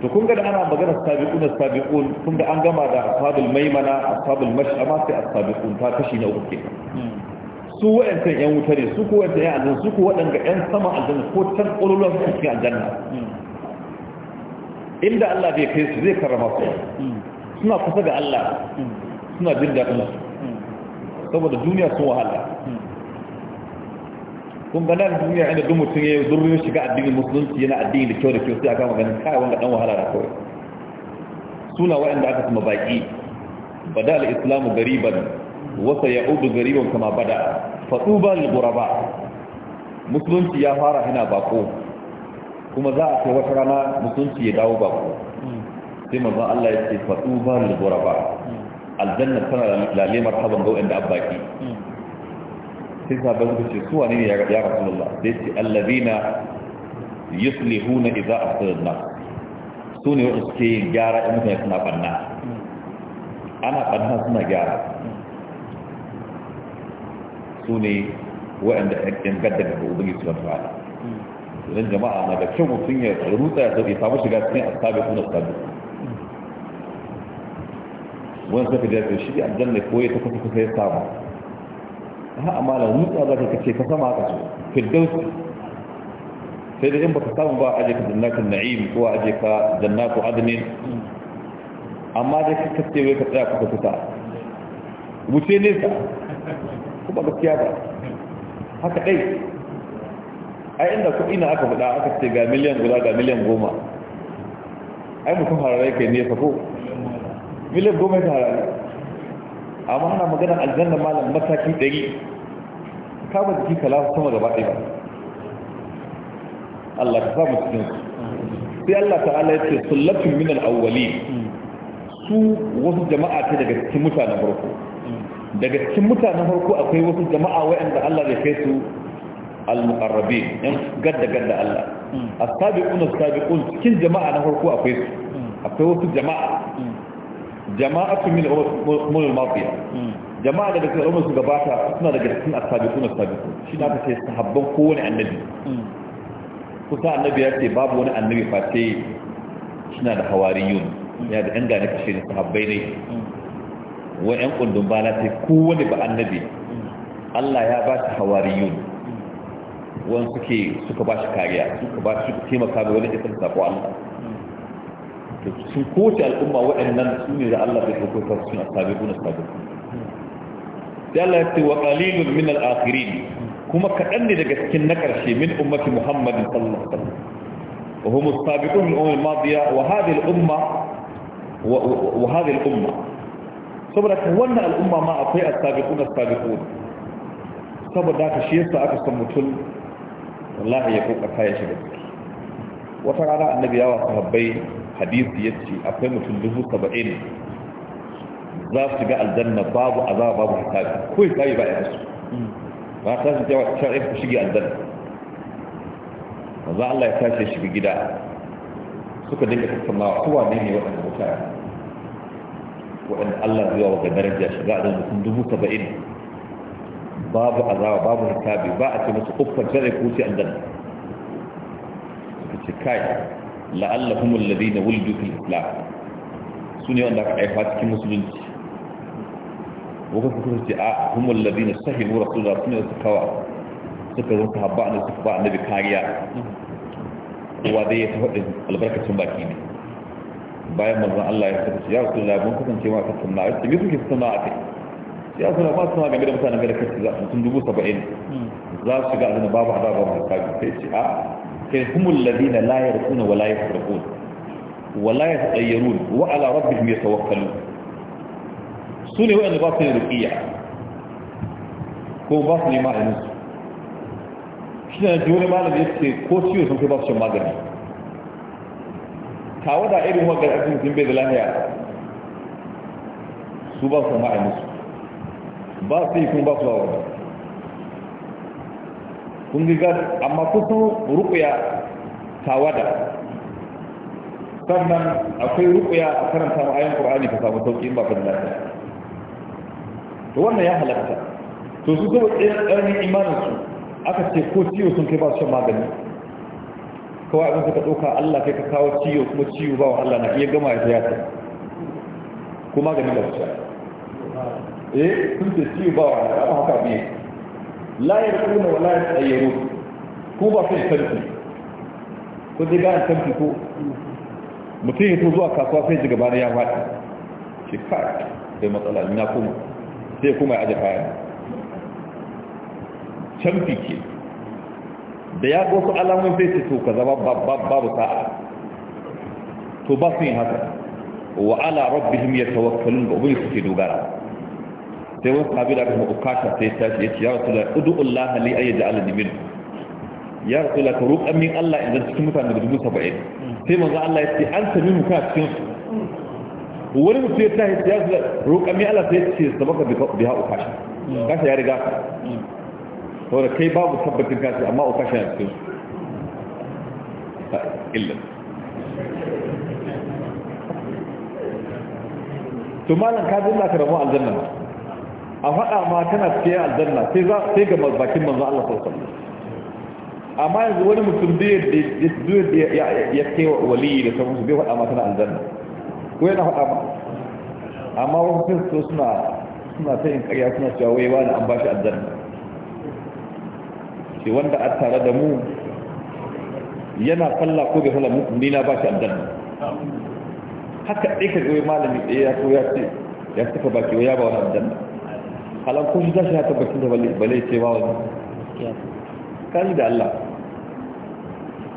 Speaker 2: to kun ga da ana maganar sabiqun sabiqun kun ga an gama da ashabul maimana ashabul mash'ama sai asabiqun ta kashi na uku
Speaker 4: kenan
Speaker 2: su wa'ancan yan wuta ne su ko wa'ancan yan aljanna su ko waɗanda yan sama aljanna ko can ƙololuwa su cikin aljanna inda Allah bai kai su zai karrama su suna kusa ga Allah suna jin daɗin su saboda duniya sun wahala kun ga da duniya inda duk mutum ya yi zurrin shiga addinin musulunci yana addini da kyau da kyau sai aka maganin kawai wanda dan wahala na kawai suna waɗanda aka kuma baƙi badal islamu gariban wasa ya udu gariban kama bada fatuba lil ghuraba musulunci ya fara hina bako kuma za a kai wata rana musulunci ya dawo bako sai manzon Allah ya ce fatuba lil ghuraba aljanna tana lalle marhaban ga wanda abbaki sai sahabbai suka ce su wane ne ya rasulullah sai ce allazina yuslihuna idza afsadna su ne wanda suke gyara in mutane suna banna ana banna suna gyara sune ne waɗanda ‘yan gadda da ubangi su wata fara idan jama'a na da kyau mutum ya rutsa ya sauke samu shiga cikin asabi kuna sabi wani suka da ya shi aljanna ko ya ta kusa kusa ya samu ha amma da rutsa za ka kace ka sama haka su firdausi sai da in baka samu ba aje ka jannatin na'im ko aje ka jannatu adnin amma dai ka kace wai ka tsaya kusa kusa wuce nesa kuma gaskiya ba haka dai ai
Speaker 4: inda kuɗi na aka faɗa aka ce ga miliyan
Speaker 2: guda ga miliyan goma ai mutum harare kai ne ko miliyan goma ta harare amma ana magana aljanna malam mataki ɗari kama jiki kalafu sama gaba ɗaya Allah ka samu cikin sai Allah ta'ala ya ce sullatun minal awwali su wasu jama'a ce daga cikin mutanen farko daga cikin mutanen farko akwai wasu jama'a waɗanda Allah zai kai su al-muqarrabin yan gadda gadda Allah as-sabiqun as-sabiqun cikin jama'a na farko akwai su akwai wasu jama'a jama'atu min umul madiya jama'a daga cikin umar su gabata suna daga cikin as-sabiqun as-sabiqun shi da aka ce sahabban kowane annabi kusa annabi ya ce babu wani annabi face shi na da hawariyun ya da yan gane kashe ne sahabbai ne wa yan kundin bala sai kowane ba annabi Allah ya ba shi hawariyun wani suke suka ba shi kariya suka ba shi taimaka da wani isar sako Allah to sun kowace al'umma waɗannan su ne da Allah bai ɗauko ta suna sabi guna sabi sai Allah ya ce wa qalilun min al-akhirin kuma kaɗan ne daga cikin na ƙarshe min ummati Muhammadin sallallahu alaihi wasallam wa hum sabiqun min al-umma al-madiya wa hadhihi al-umma wa hadhihi umma saboda kan wannan al'umma ma akwai astabiqun astabiqun saboda ka shi yasa aka san mutum wallahi ya ta ya shiga ciki wata rana annabi yawa habbai hadisi yace akwai mutum dubu saba'in za su shiga aljanna babu azaba babu hisabi ko hisabi ba ya kasu ba ta su jawa ta eh, ku shige aljanna za Allah ya tashi shiga gida suka dinga tattaunawa kowa ne ne waɗannan mutane وان الله يو وقت درجة شباء لكم دمو سبعين باب عذاب باب الكابي باعة مسقوب فجر يكوسي عندنا فتكاية لعل هم الذين ولدوا في الإسلام سنة أن لك عفات كم مسلمين وقف كفر جاء آه، هم الذين سهموا رسول الله سنة وسكوا سكوا سكوا سكوا سكوا سكوا سكوا سكوا سكوا سكوا سكوا سكوا bayan manzo Allah ya tafi ya rasu Allah mun kasance ma tattauna a cikin kuke tattauna a ake ya suna ba su ga da mutanen da kace za mutum dubu 70 za su ga azana babu azaba ba ta sai ce a kai humul ladina la yarquna wa la yafraqun wa la yatayyarun wa ala rabbihim yatawakkalun sune ne wa'anda ba su ne ruqiya ko ba su ne ma'anin su shi ne jure malami ya ce ko ciwo sun kai ba su shan magani kawo da irin wanda a mutum bai da lahiya su ba su ma'a musu ba su yi kun ba su hawa kun giga amma kusan rukuya tawada sannan akwai rukuya a karanta ma'ayin ƙur'ani ka samu sauƙi in ba ka da lafiya to wannan ya halatta to su kuma imanin imaninsu aka ce ko ciwo sun kai ba su shan magani kawai abin ka ɗauka Allah kai ka kawo ciwo kuma ciwo ba wa Allah na iya gama ya ta kuma ga nila sha eh sun ce ciwo ba wa Allah ba haka biye layar kuma wa layar ya ko ba su tarki ko zai gane tarki ko mutum ya to zuwa kasuwa sai ji gabanin ya faɗi shi kai sai matsala ina kuma sai kuma ya aje kayan canfi ke da ya ga alamun zai ce ka zama babu sa'a to ba su yin haka wa ala rabbihim yatawakkalun ga ubangi suke dogara sai wani sahabi da aka kuma ukasha sai ta ce ya rasu da udu'ullah li ayya ja'ala nimin ya rasu da ka roƙa min Allah in zan cikin mutane da dubu saba'in sai manzo Allah ya ce an sami muka cikin su wani mutum ya ta ya rasu da roƙa min Allah sai ya ce sabaka biha ukasha kasa ya riga هو كي باب تثبت الكاس اما او كاشان كي الا
Speaker 4: ثم لن كاد الله كرم الجنة
Speaker 2: افقع ما كانت في الجنة تيزا تيجا مباكين من ذا الله صلى اما يقول مسلم دي دي دي يا يا كي ولي لتوس بيه اما كان الجنة وين هو اما اما هو في السنة سنة تين كي اسمع شوي وانا ام باش الجنة ce wanda a tare da mu yana falla ko bai falla ni na ba shi aljanna haka ɗai ka goyi malami ɗaya ya ko ya ce ya suka ba ki ya ba wani aljanna halan ko shi za shi ya bakin da balai ce ba wani kari da Allah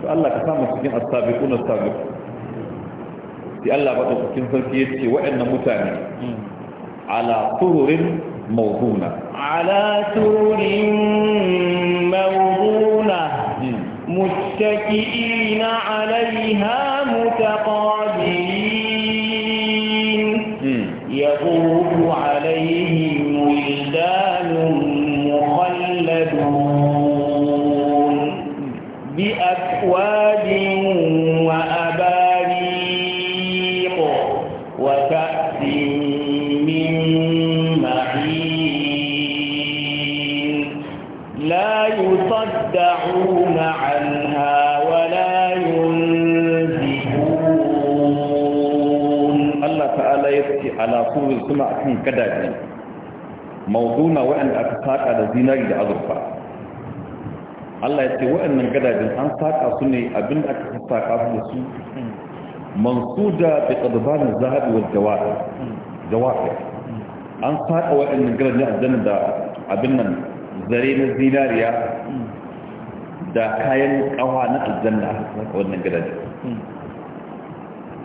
Speaker 2: to Allah ka samu cikin asabiqun asabiq sai Allah ba cikin sarki ya ce waɗannan mutane hmm. ala sururin mawduna
Speaker 1: على سور موضونة متكئين
Speaker 2: gadaje mawduna waɗanda aka saka da zinari da azurfa Allah ya ce waɗannan gadajen an saka su ne abinda aka saka su da su mansuda bi qadban az-zahab wal jawahir jawahir an saka waɗannan gadajen aljanna da abin nan zare na zinariya da kayan kawa na aljanna wannan gadajen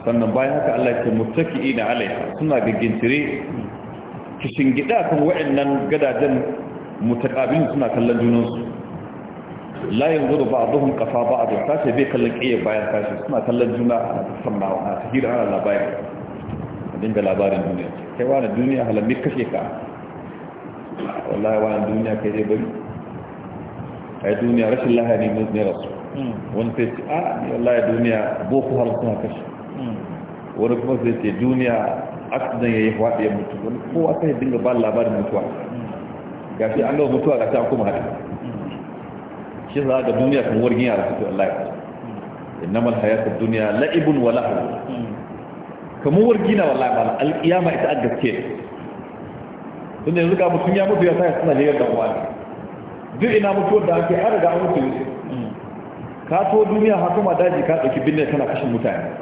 Speaker 2: sannan bayan haka Allah ya ce muttaki ina alaiha suna gaggintire kishin gida kan wa'annan gadajen mutaqabilin suna kallon junansu la yanzuru ba'dhum qafa ba'd sashi bi kallon kiyaye bayan sashi suna kallon juna a wa a tahira ana labari da labarin duniya kai wa duniya halammi kashe ka wallahi wa duniya kai dai bari ai duniya rashin lahiya ne mun ne rasu wani sai a wallahi duniya boko haram suna kashe wani kuma sai ce duniya accident yi faɗi ya mutu wani kowa sai dinga ba labarin mutuwa ga shi an gaba mutuwa ga shan an kuma haɗi shi za ga duniya kan wargin yara su Allah ya mal hayata duniya la'ibun wa lahu kamu wargina wallahi ba alqiyama ita a gaske tun yanzu ga mutum ya mutu ya sa suna liyar da uwa duk ina mutuwar da ake har ga mutu ka to duniya ha kuma daji ka ɗauki binne kana kashin mutane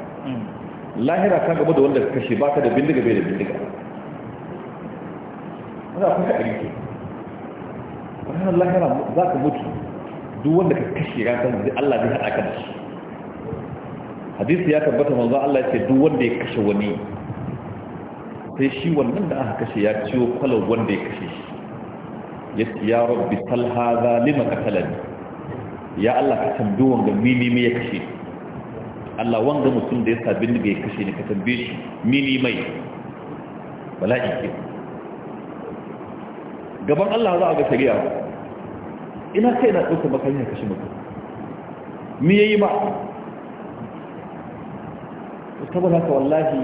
Speaker 2: lahira ka gaba da wanda ka kashe ka da bindiga bai da bindiga ana kuka a rike ranar lahira za ka mutu duk wanda ka kashe ya san zai Allah zai haɗa kan shi hadisi ya tabbata manzo Allah ya ce duk wanda ya kashe wani sai shi wannan da aka kashe ya ciwo kwalar wanda ya kashe shi ya ce ya rabbi sal haza lima talani ya Allah ka tambi wanga mini me ya kashe Allah wanda mutum da ya sa bindiga ya kashe ni ka tambaye shi mini mai bala'i ke gaban Allah za a ga shari'a ina sai na ɗauka makari ya kashe mutum mi yayi ma saboda haka wallahi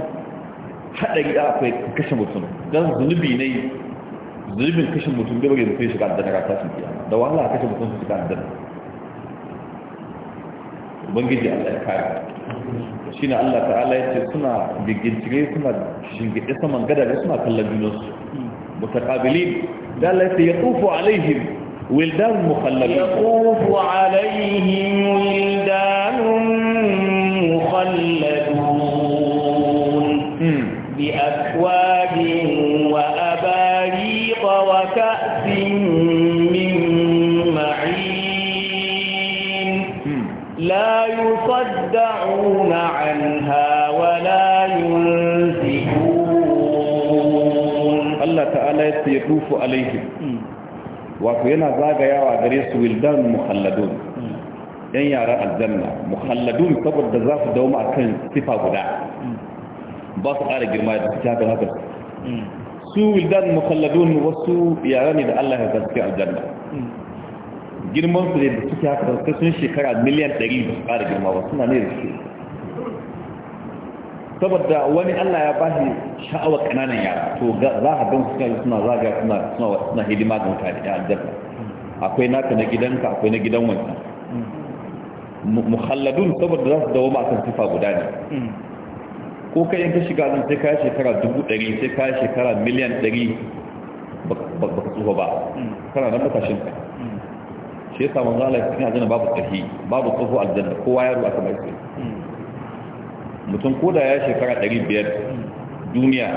Speaker 2: haɗari da akwai kashe mutum don zunubi ne zunubin kashe mutum gaba da mutum shiga da daga tashin kiyama da wahala kashe mutum shiga da daga ubangiji Allah ya kare shi ne Allah ta'ala ya ce suna giggintire suna shingide saman gadaje suna kallon junansu mutaqabilin da Allah ya ce yaqufu alaihim wildan mukhalladun yaqufu alaihim wildan
Speaker 1: mukhalladun hmm. bi akwabin wa abari wa ka'sin يصدعون عنها
Speaker 2: ولا ينزفون الله تعالى يطوف عليهم wato yana zagayawa gare su wildan mukhalladun yan yara aljanna mukhalladun saboda za su dauma akan sifa guda ba su ƙara girma su wildan mukhalladun wasu yara ne da Allah ya zarce aljanna girman su ne da suke haka sai sun shekara miliyan 100 ba su ƙara girma ba suna ne da suke saboda wani Allah ya bashi sha'awar kananan yara to za a gan suka suna zaga suna suna hidima ga mutane da aljanna akwai naka na gidanka akwai na gidan wani muhalladun saboda za su dawo ma kan tufa guda ne ko kai yanka shiga zan sai kaya shekara dubu ɗari sai kaya shekara miliyan ɗari ba ka tsufa ba kana nan matashin ka shi yasa manzo Allah cikin aljanna babu tsahi babu tsoho aljanna kowa yaro aka bai sai mutum ko da ya shekara 500 duniya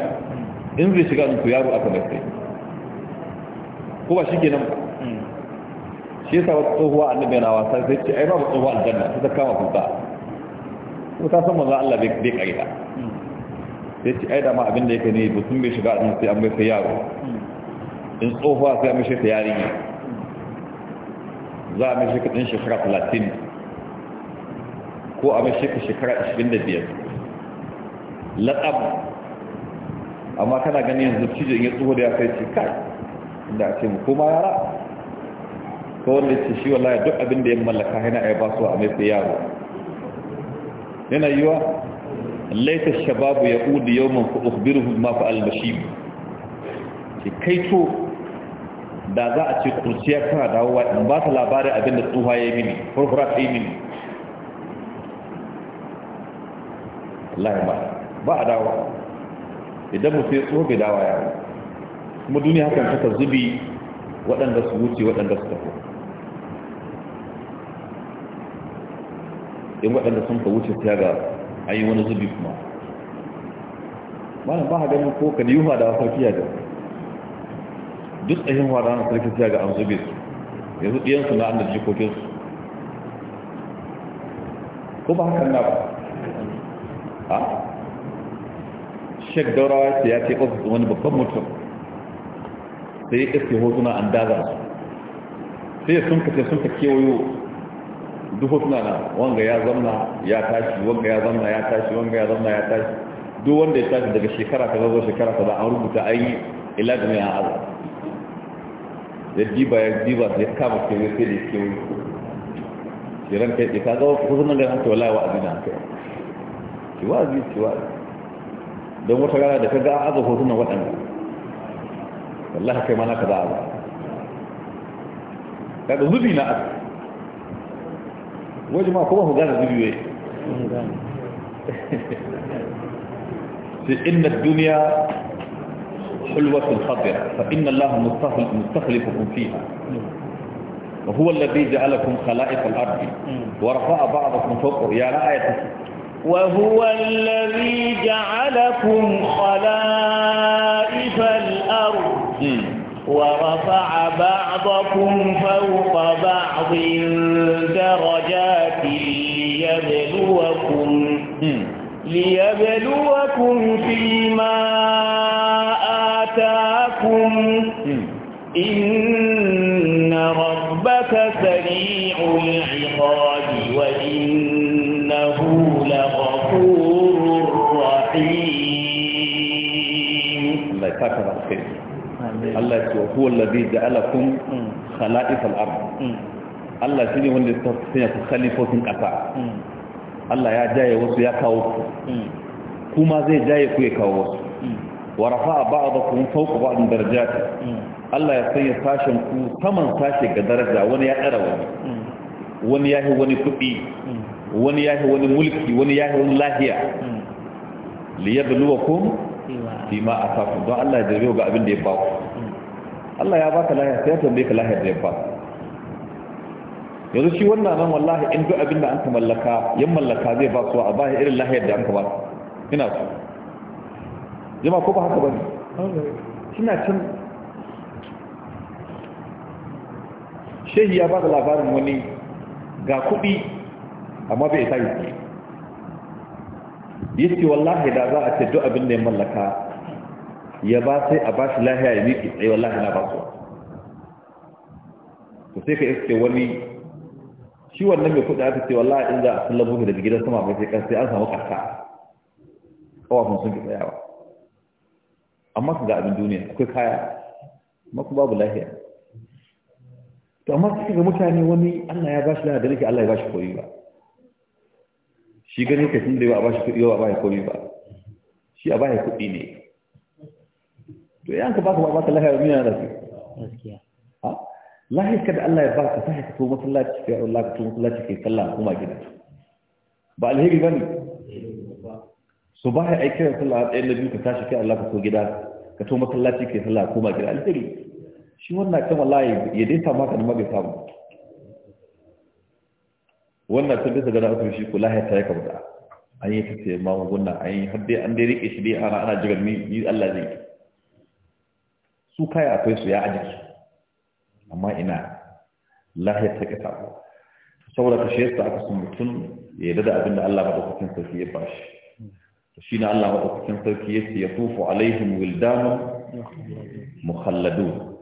Speaker 2: in zai shiga ku yaro aka bai sai ko ba shi shikenan shi yasa wata tsohuwa annabi yana wasa sai ce ai babu tsoho aljanna sai ta kama kuka ko ta san manzo Allah bai kaita sai ce ai da ma abin da yake ne mutum bai shiga aljanna sai an bai sai yaro in tsohuwa sai an bai sai yarinya za a mai shekadin shekara 30 ko a mai shekara 25 latsab amma kana gani yanzu cije in ya tsoho da ya kai ce kai inda a ce mu koma yara ko wanda ce shi wallahi duk abin da ya mallaka yana ya ba a mai yaro yana yi wa laita shababu ya ƙudi yau man ku ukbiru ma fa'al bashim ke kaito da za a ce kurciya kana dawowa in ba ta labarin abin da tsuha ya yi mini furfura ta yi mini lahi ba a dawo. idan mu sai tsohon bai dawa ya kuma duniya hakan ta zubi waɗanda su wuce waɗanda su tafi in waɗanda sun ka wuce ta ga an yi wani zubi kuma malam ba ha ganin ko ka niyuwa da wasu fiye da duk tsayin wa ranar sarki sai ga an zube su yanzu ɗiyansu na annar jikokinsu ko ba hakan na ba a shek daurawa ya ce ofis wani babban mutum sai ya iske hotuna an daza sai ya sunka kace sunka kewayo duk hotuna na wanga ya zamna ya tashi wanga ya zamna ya tashi wanga ya zamna ya tashi duk wanda ya tashi daga shekara ka zo shekara ka za an rubuta an ila ilajin an azar ya jiba ya jiba sai ya kama ke sai da ke wuce shi ran kai ka ga ku zama da hanta wala wa azina kai ki wa azi ki wa don wata gara da ka ga azu hotunan wadanda wallahi kai ma naka za a ba da zubi na azu wajen ma kuma ku gane zubi wai sai inna duniya حلوة خضرة فإن الله مستخلفكم فيها وهو الذي جعلكم خلائف الأرض ورفع بعضكم فوق يا رأية وهو
Speaker 1: الذي جعلكم خلائف الأرض ورفع بعضكم فوق بعض درجات ليبلوكم ليبلوكم فيما آتاكم إن ربك سريع العقاب وإنه لغفور
Speaker 2: رحيم الله يتاكد الخير الله هو الذي جعلكم خلائف الأرض Allah shi ne wanda ya sanya su khalifofin ƙasa, Allah ya jaye wasu ya kawo su, kuma zai jaye ku ya kawo wasu. wa rafa'a ba'dakum fawqa ba'din darajat Allah ya sanya sashen ku saman sashe ga daraja wani ya tsara wani wani ya yi wani kuɗi wani ya yi wani mulki wani ya yi wani lahiya da liyabluwakum fima asakum don Allah ya jarbe ga abin da ya ba Allah ya baka lahiya sai ya tambaye ka lahiya da ya ba yanzu shi wannan nan wallahi in duk abin da an ka mallaka yan mallaka zai ba su a ba irin lahiyar da an ka ba ina so jama ko ba haka ba ne? suna can shehi ya ba da labarin wani ga kuɗi amma bai ta yi ce wallahi da za a ce duk abin da ya mallaka ya ba sai a ba shi lahiya ya miƙi tsaye wallahi na ba kuwa ko sai ka ce wani shi wannan mai kuɗi aka ce wallahi inda za a sallabo daga gidan sama mai sai kan sai an samu ƙasa kawafin sun fi tsayawa amma ka ga abin duniya akwai kaya amma babu lafiya to amma kika ga mutane wani Allah ya bashi lafiya da nake Allah ya bashi koyi ba shi gani ka tun da yau a bashi kuɗi ba a shi koyi ba shi a shi kuɗi ne to yan ka baka ba ka lafiya mina da gaskiya ha lafiya ka da Allah ya ka sai ka to masallaci kai Allah ka to masallaci kai sallah kuma gida ba alheri bane su ba ya aiki da sallah tsayin na biyu ka tashi kai Allah ka so gida ka to masallaci kai sallah koma gida alheri shi wannan kan wallahi ya dai samu haka ma bai samu wannan sun bisa gada uku shi kula ya tare kamar an yi tafiye magungunan an yi har dai an dai rike shi dai ana ana jiran ni Allah zai yi su kaya akwai su ya aji su amma ina lahiyar ta ƙasa saboda ka shi yasta aka sun mutum ya yarda da abin da Allah ba da sarki ya bashi shi na Allah maɗaukakin sarki ya ce ya tufu alaihim wildanun mukhalladun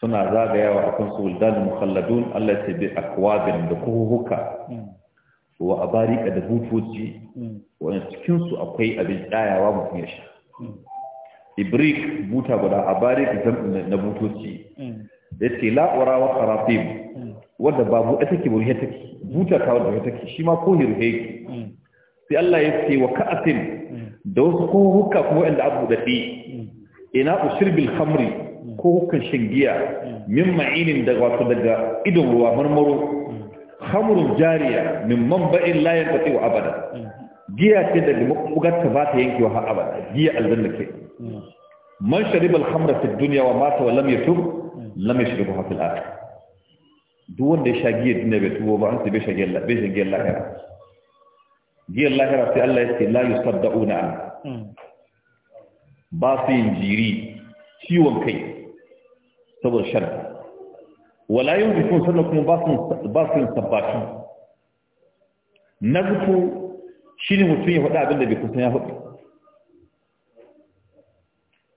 Speaker 2: suna zagayawa a kansu wildanun mukhalladun Allah ya ce bi akwabin da kuhuhuka wa abarika da butoci wani cikinsu akwai abin tsayawa mutum ya sha ibrik buta guda abarik na butoci da ce la'ura wa karafim wadda babu ita ke burhe take buta ta wadda take shi ma ko hirhe sai Allah ya ce wa ka'asin da wasu ko hukka kuma inda abu da fi ina ushir bil khamri ko hukkan shan giya min ma'inin daga wato daga idon ruwa marmaro khamrun jariya min manba'in la yanqati wa abada giya ce daga mabugarta ba ta yanke wa har abada giya aljanna ke man shariba al khamra fi dunya wa mata wa lam yatub lam yashribuha fil akhirah duk wanda ya sha giya duniya bai tubo ba an sai bai sha giya bai lahira giyar lahira sai Allah ya ce la yusaddauna an hmm. ba su yin jiri ciwon kai saboda sharri wala yin jikin sannan kuma ba su yin sabbatu na zuku shi ne mutum ya faɗa abinda bai kusan ya faɗi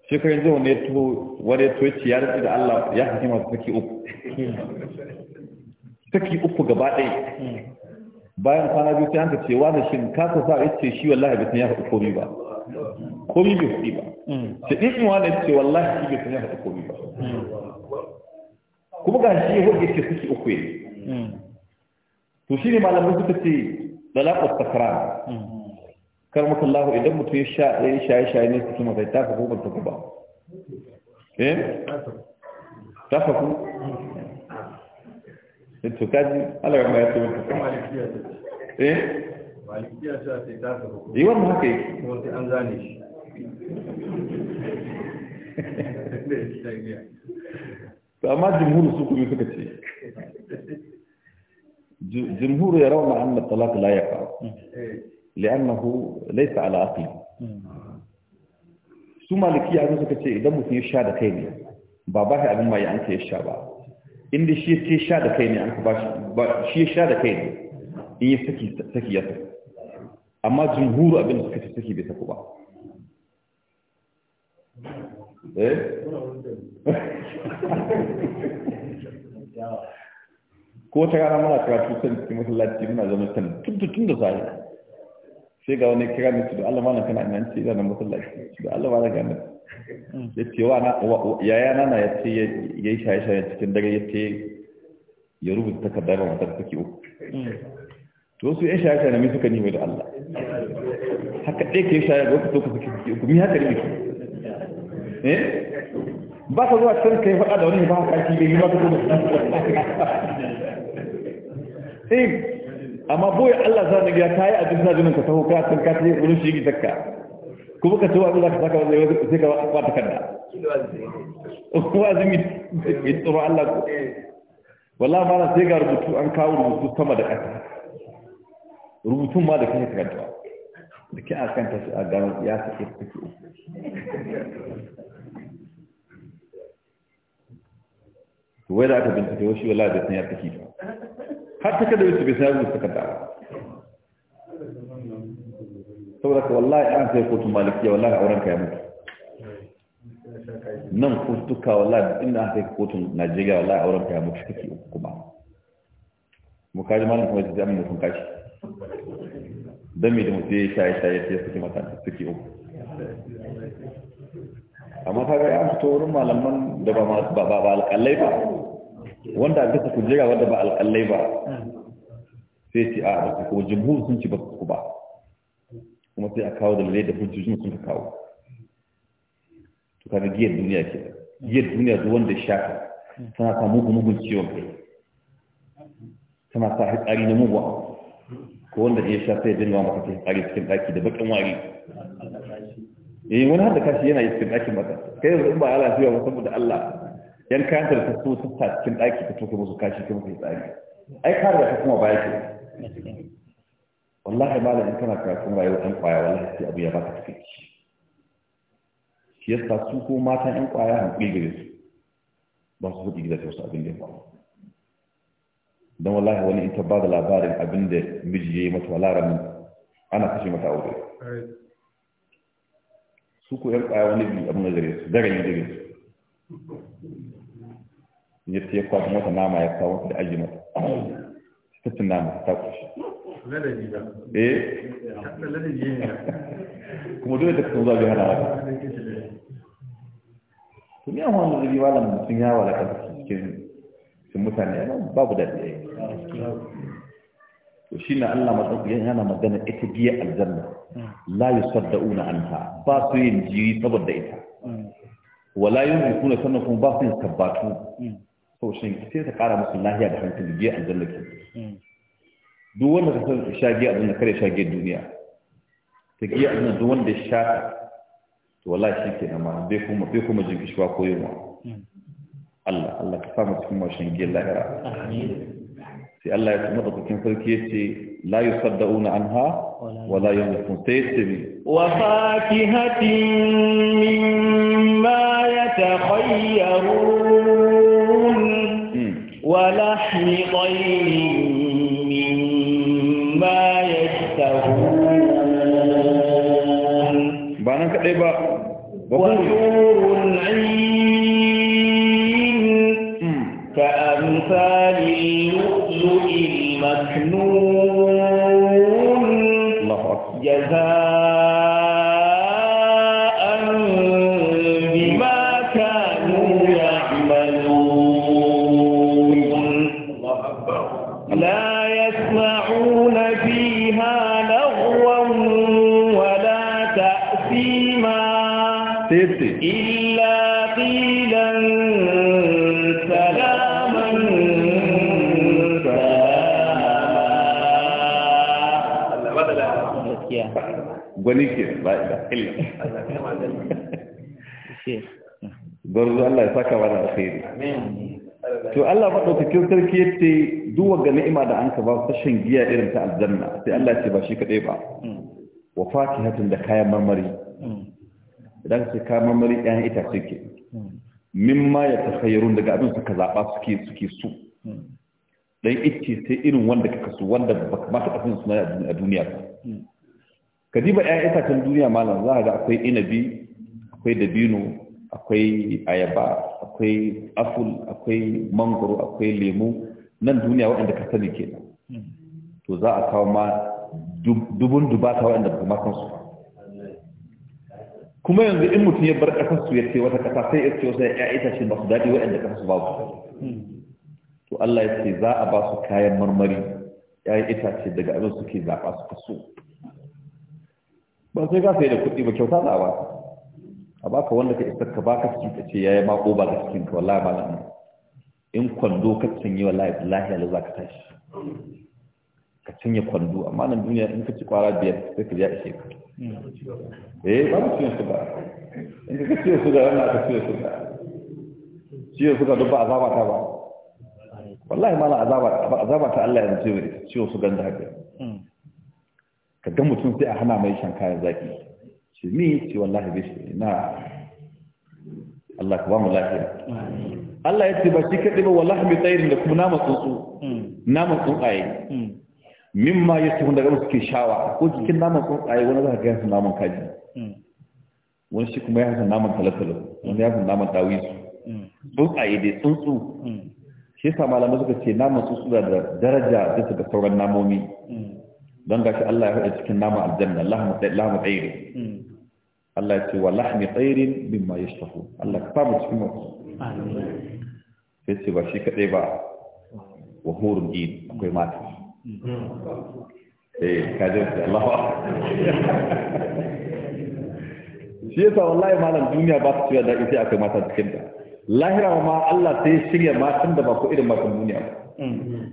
Speaker 2: shekarun zuwa ne to wani to ya ya rufe da Allah ya hakima masu saki uku hmm. saki uku gaba ɗaya hmm. bayan kwana biyu sai an ka ce da shin ka ka sa ce shi wallahi bai san ya faɗi komi ba komi bai faɗi ba
Speaker 4: mm. sai in in wani ce
Speaker 2: wallahi shi bai san ya faɗi komi ba kuma ga shi ya hudu ce suke uku ne mm. to shi ne malamai suka ce dalaƙar sakara mm. kar mutum lahu idan mutum ya sha ya shaye shaye ne su kuma bai tafa ko ban tafi ba eh tafa ku eh, to kaji Allah ya mai tafi eh yi wannan haka yi an zane shi Ta amma jimhur su kuma suka ce jimhur ya rauna an da talaka la ya eh. li'annahu ala aqli hmm. su malikiya ya suka ce idan mutum ya sha da kai ne ba ba shi abin ba ya sha da kai ne sha da kai ne in eh, yi saki ya saki amma jumhuru abin da suka ce saki bai saku ba eh ko ta gara mana karatu san cikin masallaci muna zama can tun da sai sai ga wani kira mutu da Allah na kana nan ce da nan masallaci da Allah mana kana ya ce wa na yaya na na ya ce yayi shaye shaye cikin dare ya ce ya rubuta takardar matar take uku mm. to su ya shaya na suka nemi da Allah
Speaker 4: haka ɗaya ke shaya wasu to ku suke ku mi haka ne eh
Speaker 2: ba ka zuwa can kai faɗa da wani ba ka ki bai ba ka zuwa eh amma boye Allah za ni ga yi a sa jinin ka taho ka san ka tayi wani shi zakka kuma ka tawa Allah ka saka wanda sai ka ba ta kanda wa azumi in tsoro Allah ko wallahi ma sai ga rubutu an kawo rubutu sama da ƙasa rubutun ma da kuma karantawa da ke a ta su a gano ya sake kake to wai da aka bincike wasu wala da san ya take ba har ta kada wasu bai san rubutu takarda ba saboda ka wallahi an sai kotun malikiya wallahi auren ka ya mutu
Speaker 3: nan kurtuka wallahi inda aka yi
Speaker 2: kotun Najeriya wallahi auren ka ya mutu take uku kuma mu kaji malam kuma da jami'in mutum kashi don mai da mutu ya shaye shaye sai suke mata suke uku amma kaga ya fito wurin malaman da ba ba alƙallai ba wanda bisa jira wanda ba alƙallai ba sai ce a ku kuma jimhur sun ci ba ku ba kuma sai a kawo dalilai da hujjojin sun ka kawo to kaga giyar duniya ke giyar duniya zuwa wanda ya shaka tana sa mugun mugun ciwon kai tana sa hatsari na mugun abu ko wanda ya sha sai dinga maka cikin tsari cikin daki da bakin wari eh wani har da kashi yana cikin dakin mata kai yanzu ba Allah ya ba saboda Allah yan kayan da ta so ta cikin daki ta toke musu kashi kuma sai tsari ai ka da kuma baya ke wallahi malam in kana karatun rayuwar ɗan kwaya wallahi sai abu ya baka takaici shi yasa su ko matan ƴan kwaya hankali gare ba su faɗi gida ta wasu abin da ya faru don wallahi wani in ta ba da labarin abin da miji ya yi mata walaran ana kashe mata aure su ko yan kwaya wani biyu abin da gare su daren yi gare su ya ce kwafi mata nama ya kawo mata da aji mata ta cin nama ta kushe eh kuma dole ta kusan zaɓi hana mata to ni an wani zabi malam mutum ya walakanta cikin cikin mutane babu da ɗaya to shi na Allah matsayin yana magana ita giya aljanna la an ta ba su yin jiri saboda ita wala yunzikuna sannan kuma ba su yin tabbatu to shi sai ta kara musu lahiya da hankali giya aljanna ke duk wanda ka san sha giya aljanna kare sha giya duniya ta giya aljanna duk wanda ya sha to wala shi ke nan ma bai kuma bai jin kishwa ko yunwa Allah Allah ka samu cikin washin giyar lahira sai Allah ya ce cikin sarki ya ce la yusaddauna anha wa la yunqun sai ce bi
Speaker 1: wa fakihatin mimma yatakhayyarun hmm. wa lahmi tayrin mimma yashtahun ba nan kadai ba wa hurun 'ayn ठन्नू wani ke ba
Speaker 2: ila illa gwarzo Allah ya saka wa da alkhairi to Allah madaukakin sarki yace duk wanda ni'ima da ka ba ta shan giya irin ta aljanna sai Allah ya ce ba shi kadai ba wa fakihatun da kayan marmari idan ka kayan marmari ɗayan itace ke mimma ya tafayyarun daga abin suka zaɓa suke suke su dan ita sai irin wanda kaka su wanda ba ka taɓa suna a duniya ba ka diba 'ya'yan itacen duniya malam za ka ga akwai inabi akwai dabino akwai ayaba akwai aful akwai mangoro akwai lemu nan duniya waɗanda ka sani ke to za a kawo ma dubun dubata waɗanda ba ma kansu kuma yanzu in mutum ya bar ƙasarsu ya ce wata ƙasa sai ya ce wasu ya itacen ba su daɗi waɗanda ƙasarsu ba su to Allah ya ce za a ba su kayan marmari ya itace daga abin suke zaɓa su kaso ba sai ka sai da kuɗi ba kyauta za a baka a baka wanda ka isa ka baka cikin ka ce ya yi mako ba ga cikin ka wallahi ba nan in kwando ka cinye wallahi billahi Allah za ka tashi ka cinye kwando amma nan duniya in ka ci kwara biyar sai ka ja ishe ka
Speaker 3: eh ba mu ciye su
Speaker 2: ba in ka ciye su ga yana ka ci su ga ci su ga duk ba azaba ta ba wallahi mala azaba azaba ta Allah yanzu ciye su ganda haka ka ga mutum sai a hana mai shan kayan zaki shi ni ce wallahi bishi na Allah ka ba mu lafiya Allah ya ce ba shi kaɗai ba wallahi mai tsayin da kuma nama tsuntsu mm. nama tsuntsaye ma ya ce daga suke shawa ko cikin mm. nama tsuntsaye wani za ka gaya su naman kaji mm. wani shi kuma ya hasa naman talatalo wani ya hasa naman dawisu tsuntsaye dai tsuntsu shi yasa malamai suka ce naman tsuntsu da daraja bisa ga sauran namomi don gashi Allah ya faɗa cikin nama aljanna lahmu lahmu tsairi hmm. Allah ya ce wa lahmi tsairin mimma yashtahu Allah ka samu cikin mu sai ce ba shi kadai ba wa hurun din akwai mata
Speaker 3: hmm. eh kaje Allah
Speaker 2: shi sa wallahi malam duniya ba ta cewa daɗi sai akwai mata cikin ta lahira ma Allah sai shirya matan da ba ko irin matan duniya ba hmm.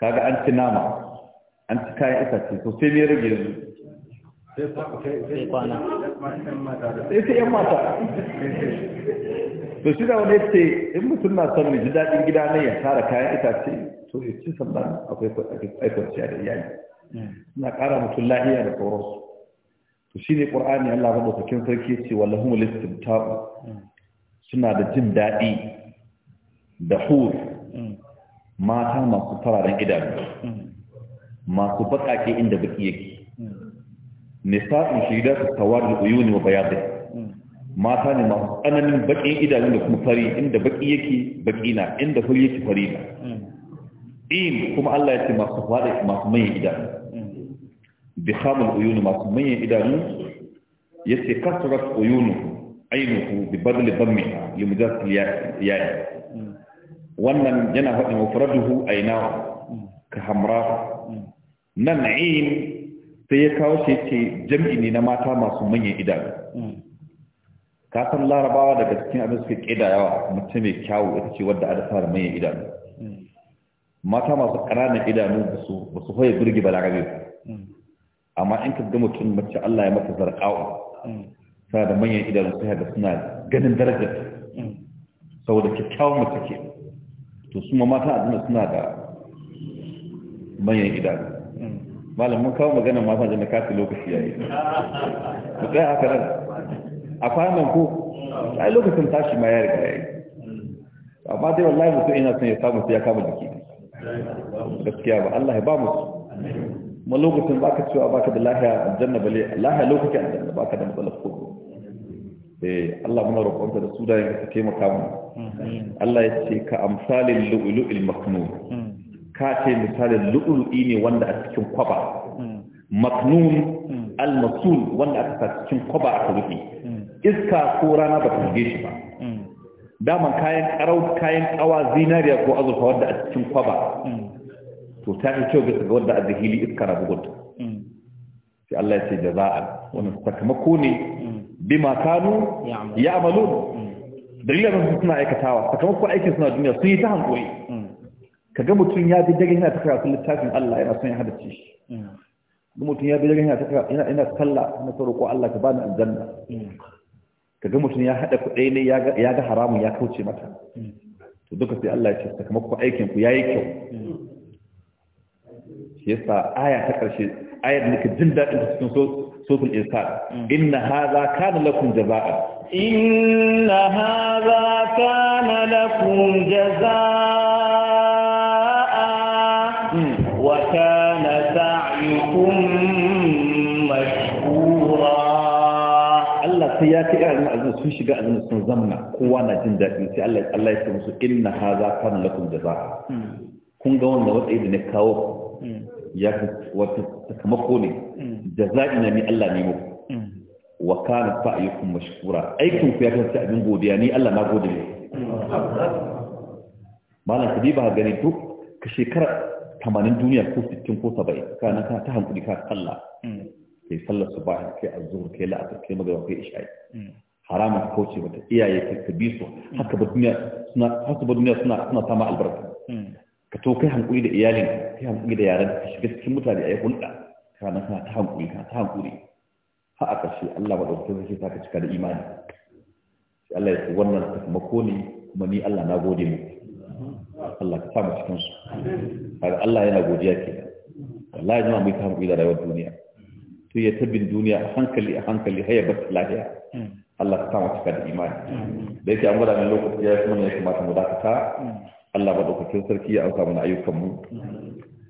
Speaker 2: kaga an ci nama an ci kayan itace to sai me rage yanzu
Speaker 4: sai kwana sai sai yan mata
Speaker 3: to shi da wani ya ce in mutum na son ji daɗin gida ne ya tara kayan
Speaker 2: itace to ya ci sannan akwai kwanciya da iyali suna ƙara mutum lahiya da sauransu to shine qur'ani Allah madaukakin sarki yace wallahu listimta'u suna da jin dadi da hur mm. mata masu fararen idanu mm. masu baƙaƙe inda baƙi yake nisa'un shidatu tawadul uyuni wa bayadih mata ne masu tsananin baƙin idanun da kuma fari inda baƙi yake baƙi na inda fari yake fari na in kuma Allah ya ce masu fada masu manyan idanu bi khamul uyuni masu manyan idanu yace kasrat uyunu ainuhu bi badli dhammiha li mujassal ya'i wannan yana faɗin wa faraduhu ainahu ka hamra nan na'im sai ya kawo shi ce jam'i ne na mata masu manyan idanu hmm. ka san larabawa daga cikin abin suka yawa mutum mai kyawu ita ce wadda ada fara manyan idanu hmm. mata masu ƙananan idanu ba su hoye birgi ba lagabe hmm. amma in ka ga mutum mace Allah ya mata zarƙa'u sai da manyan idanu sai da suna ganin darajar saboda kyakkyawan mace ke to su mata a suna da manyan idanu malam mun kawo magana ma san da kasu lokaci yayi ku tsaya haka nan a kwanan ko ai lokacin tashi ma ya riga yayi amma dai wallahi mutum ina son ya samu sai ya kama jiki gaskiya ba Allah ya ba mu ma lokacin baka cewa baka da lahiya aljanna bale lahiya lokacin aljanna baka da matsalar ko eh Allah muna roƙonka da su da yanka taimaka mu Allah ya ce ka amsalil lu'lu'il maknun hmm. ka ce misalin lu'ulu'i ne wanda a cikin kwaba hmm. maknun hmm. al-masul wanda aka sa cikin kwaba aka rufe hmm. iska ko rana ba ta shige shi ba daman kayan karau kayan kawa zinariya ko azurfa wanda a cikin kwaba to ta fi kyau bisa ga wanda a zahili iska na bugun sai Allah ya ce jaza'an wani sakamako ne bima kanu ya'malun dalilin da suna aikatawa Sakamako aikin suna duniya sun yi ta hankuri Ka ga mutum ya bi dare yana ta karatun littafin Allah yana son ya hadace shi
Speaker 3: ga
Speaker 2: mutum ya bi dare yana ta yana yana sallah na ta roƙo Allah ka bani aljanna ga mutum ya hada kuɗi ne ya ga haramun ya kauce mata to duka sai Allah ya ce sakamakon aikin ku yayi kyau shi yasa aya ta karshe ayar da nake jin daɗin cikin sosul insan inna hadha kana lakum jazaa'a
Speaker 1: إن هذا كان لكم جزاء
Speaker 2: sai ya kai irin aljanna sun shiga aljanna sun zamna kowa na jin daɗi sai Allah Allah ya ce musu inna hadha kana lakum jazaa hmm. kun ga wannan wata da ne kawo hmm. ya wata sakamako ne hmm. jaza'i na ni Allah ne muku wa kana fa'yukum mashkura aikin ku ya kasance abin godiya ni Allah na gode ne malam kadiba gani duk ka shekara 80 duniya ko 60 ko 70 kana ta hankuli ka Allah kai sallar su ba kai azhur kai la'asar kai magana kai isha'i mm. Haramun ka kauce mata iyaye ka bi su mm. haka ba duniya suna haka ba duniya suna suna sama albarka mm. ka to kai hankuri da iyalin kai hankuri da yaran ka shiga cikin mutane a yi hulɗa kana kana ta hankuri kana ta hankuri ha a ƙarshe Allah ba ɗauki sarki sa ka cika da imani sai Allah ya ce wannan sakamako ne kuma ni Allah na gode mu Allah ka sa mu cikin su Allah yana godiya ke wallahi jama'a mu ta hankuri da rayuwar duniya sai ya tabin duniya a hankali a hankali haya ba lahiya hmm. Allah ta kama cika da imani
Speaker 4: hmm.
Speaker 2: da yake an gwada min lokaci ya kuma ya kamata mu dakata hmm. Allah ba daukakin sarki ya auka mana ayyukan mu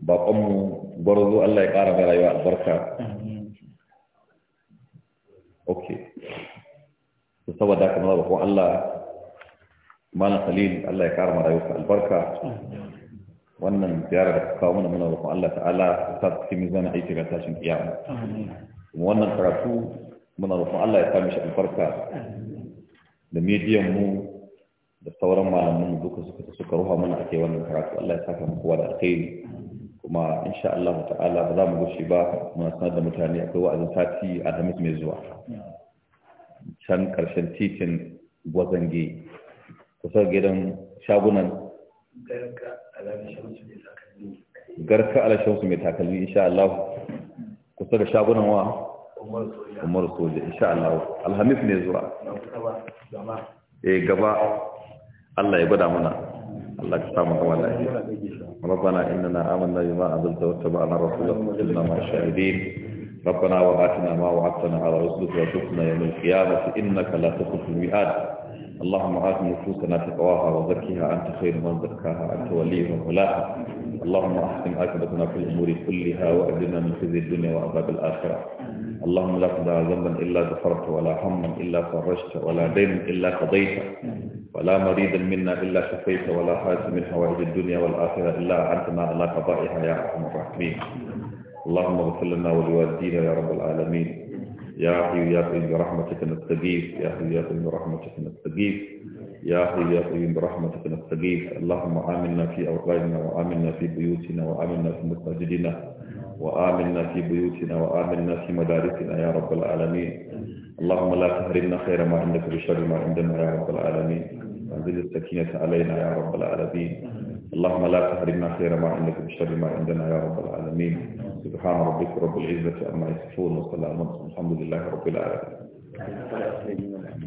Speaker 2: baƙon mu gwarzo Allah ya ƙara mai rayuwa albarka okay to saboda kamar bakon Allah malam Khalil Allah ya ƙara mana rayuwa albarka wannan ziyarar da kawo mana muna roƙon Allah ta'ala ta cikin zana aiki ga tashin kiyama amin wannan karatu muna roƙon Allah ya sa mishi albarka da medium mu da sauran mu duka suka suka ruha mana ake wannan karatu Allah ya saka mu kowa da alkhairi kuma insha Allah ta'ala ba za mu gushi ba muna sanar da mutane akwai wa'azin sati Alhamis mai zuwa can karshen titin gwazange kusa gidan shagunan garka alashamsu mai takalmi insha Allah kusa da shagunan wa umar soja insha Allah alhamis ne zuwa eh gaba Allah ya bada mana Allah ka samu kawai lafiya ربنا إننا آمنا بما أنزلت واتبعنا رسولك وكلنا مع الشاهدين ربنا وآتنا ما وعدتنا على رسلك وتقنا يوم القيامة إنك لا تخلف المئات اللهم آت نفوسنا تقواها وزكها أنت خير من زكاها أنت وليها ومولاها اللهم أحسن عاقبتنا في الأمور كلها وأجرنا من خزي الدنيا وعذاب الآخرة اللهم لا تدع ذنبا إلا غفرته ولا هما إلا فرجته ولا دينا إلا قضيته ولا مريضا منا إلا شفيته ولا حاجة من حوائج الدنيا والآخرة إلا أعنتنا على قضائها يا أرحم الراحمين اللهم اغفر لنا ولوالدينا يا رب العالمين يا حي يا قيوم برحمتك نستغيث يا حي يا قيوم برحمتك نستغيث يا حي يا قيوم برحمتك نستغيث اللهم آمنا في أوطاننا وآمنا في بيوتنا وآمنا في مساجدنا وآمنا في بيوتنا وآمنا في مدارسنا يا رب العالمين اللهم لا تحرمنا خير ما عندك بشر ما عندنا يا رب العالمين أنزل السكينة علينا يا رب العالمين اللهم لا تحرمنا خير ما عندك بشر ما عندنا يا رب العالمين سبحان ربك رب العزة أما يصفون وصلى الله وسلم الحمد لله رب
Speaker 3: العالمين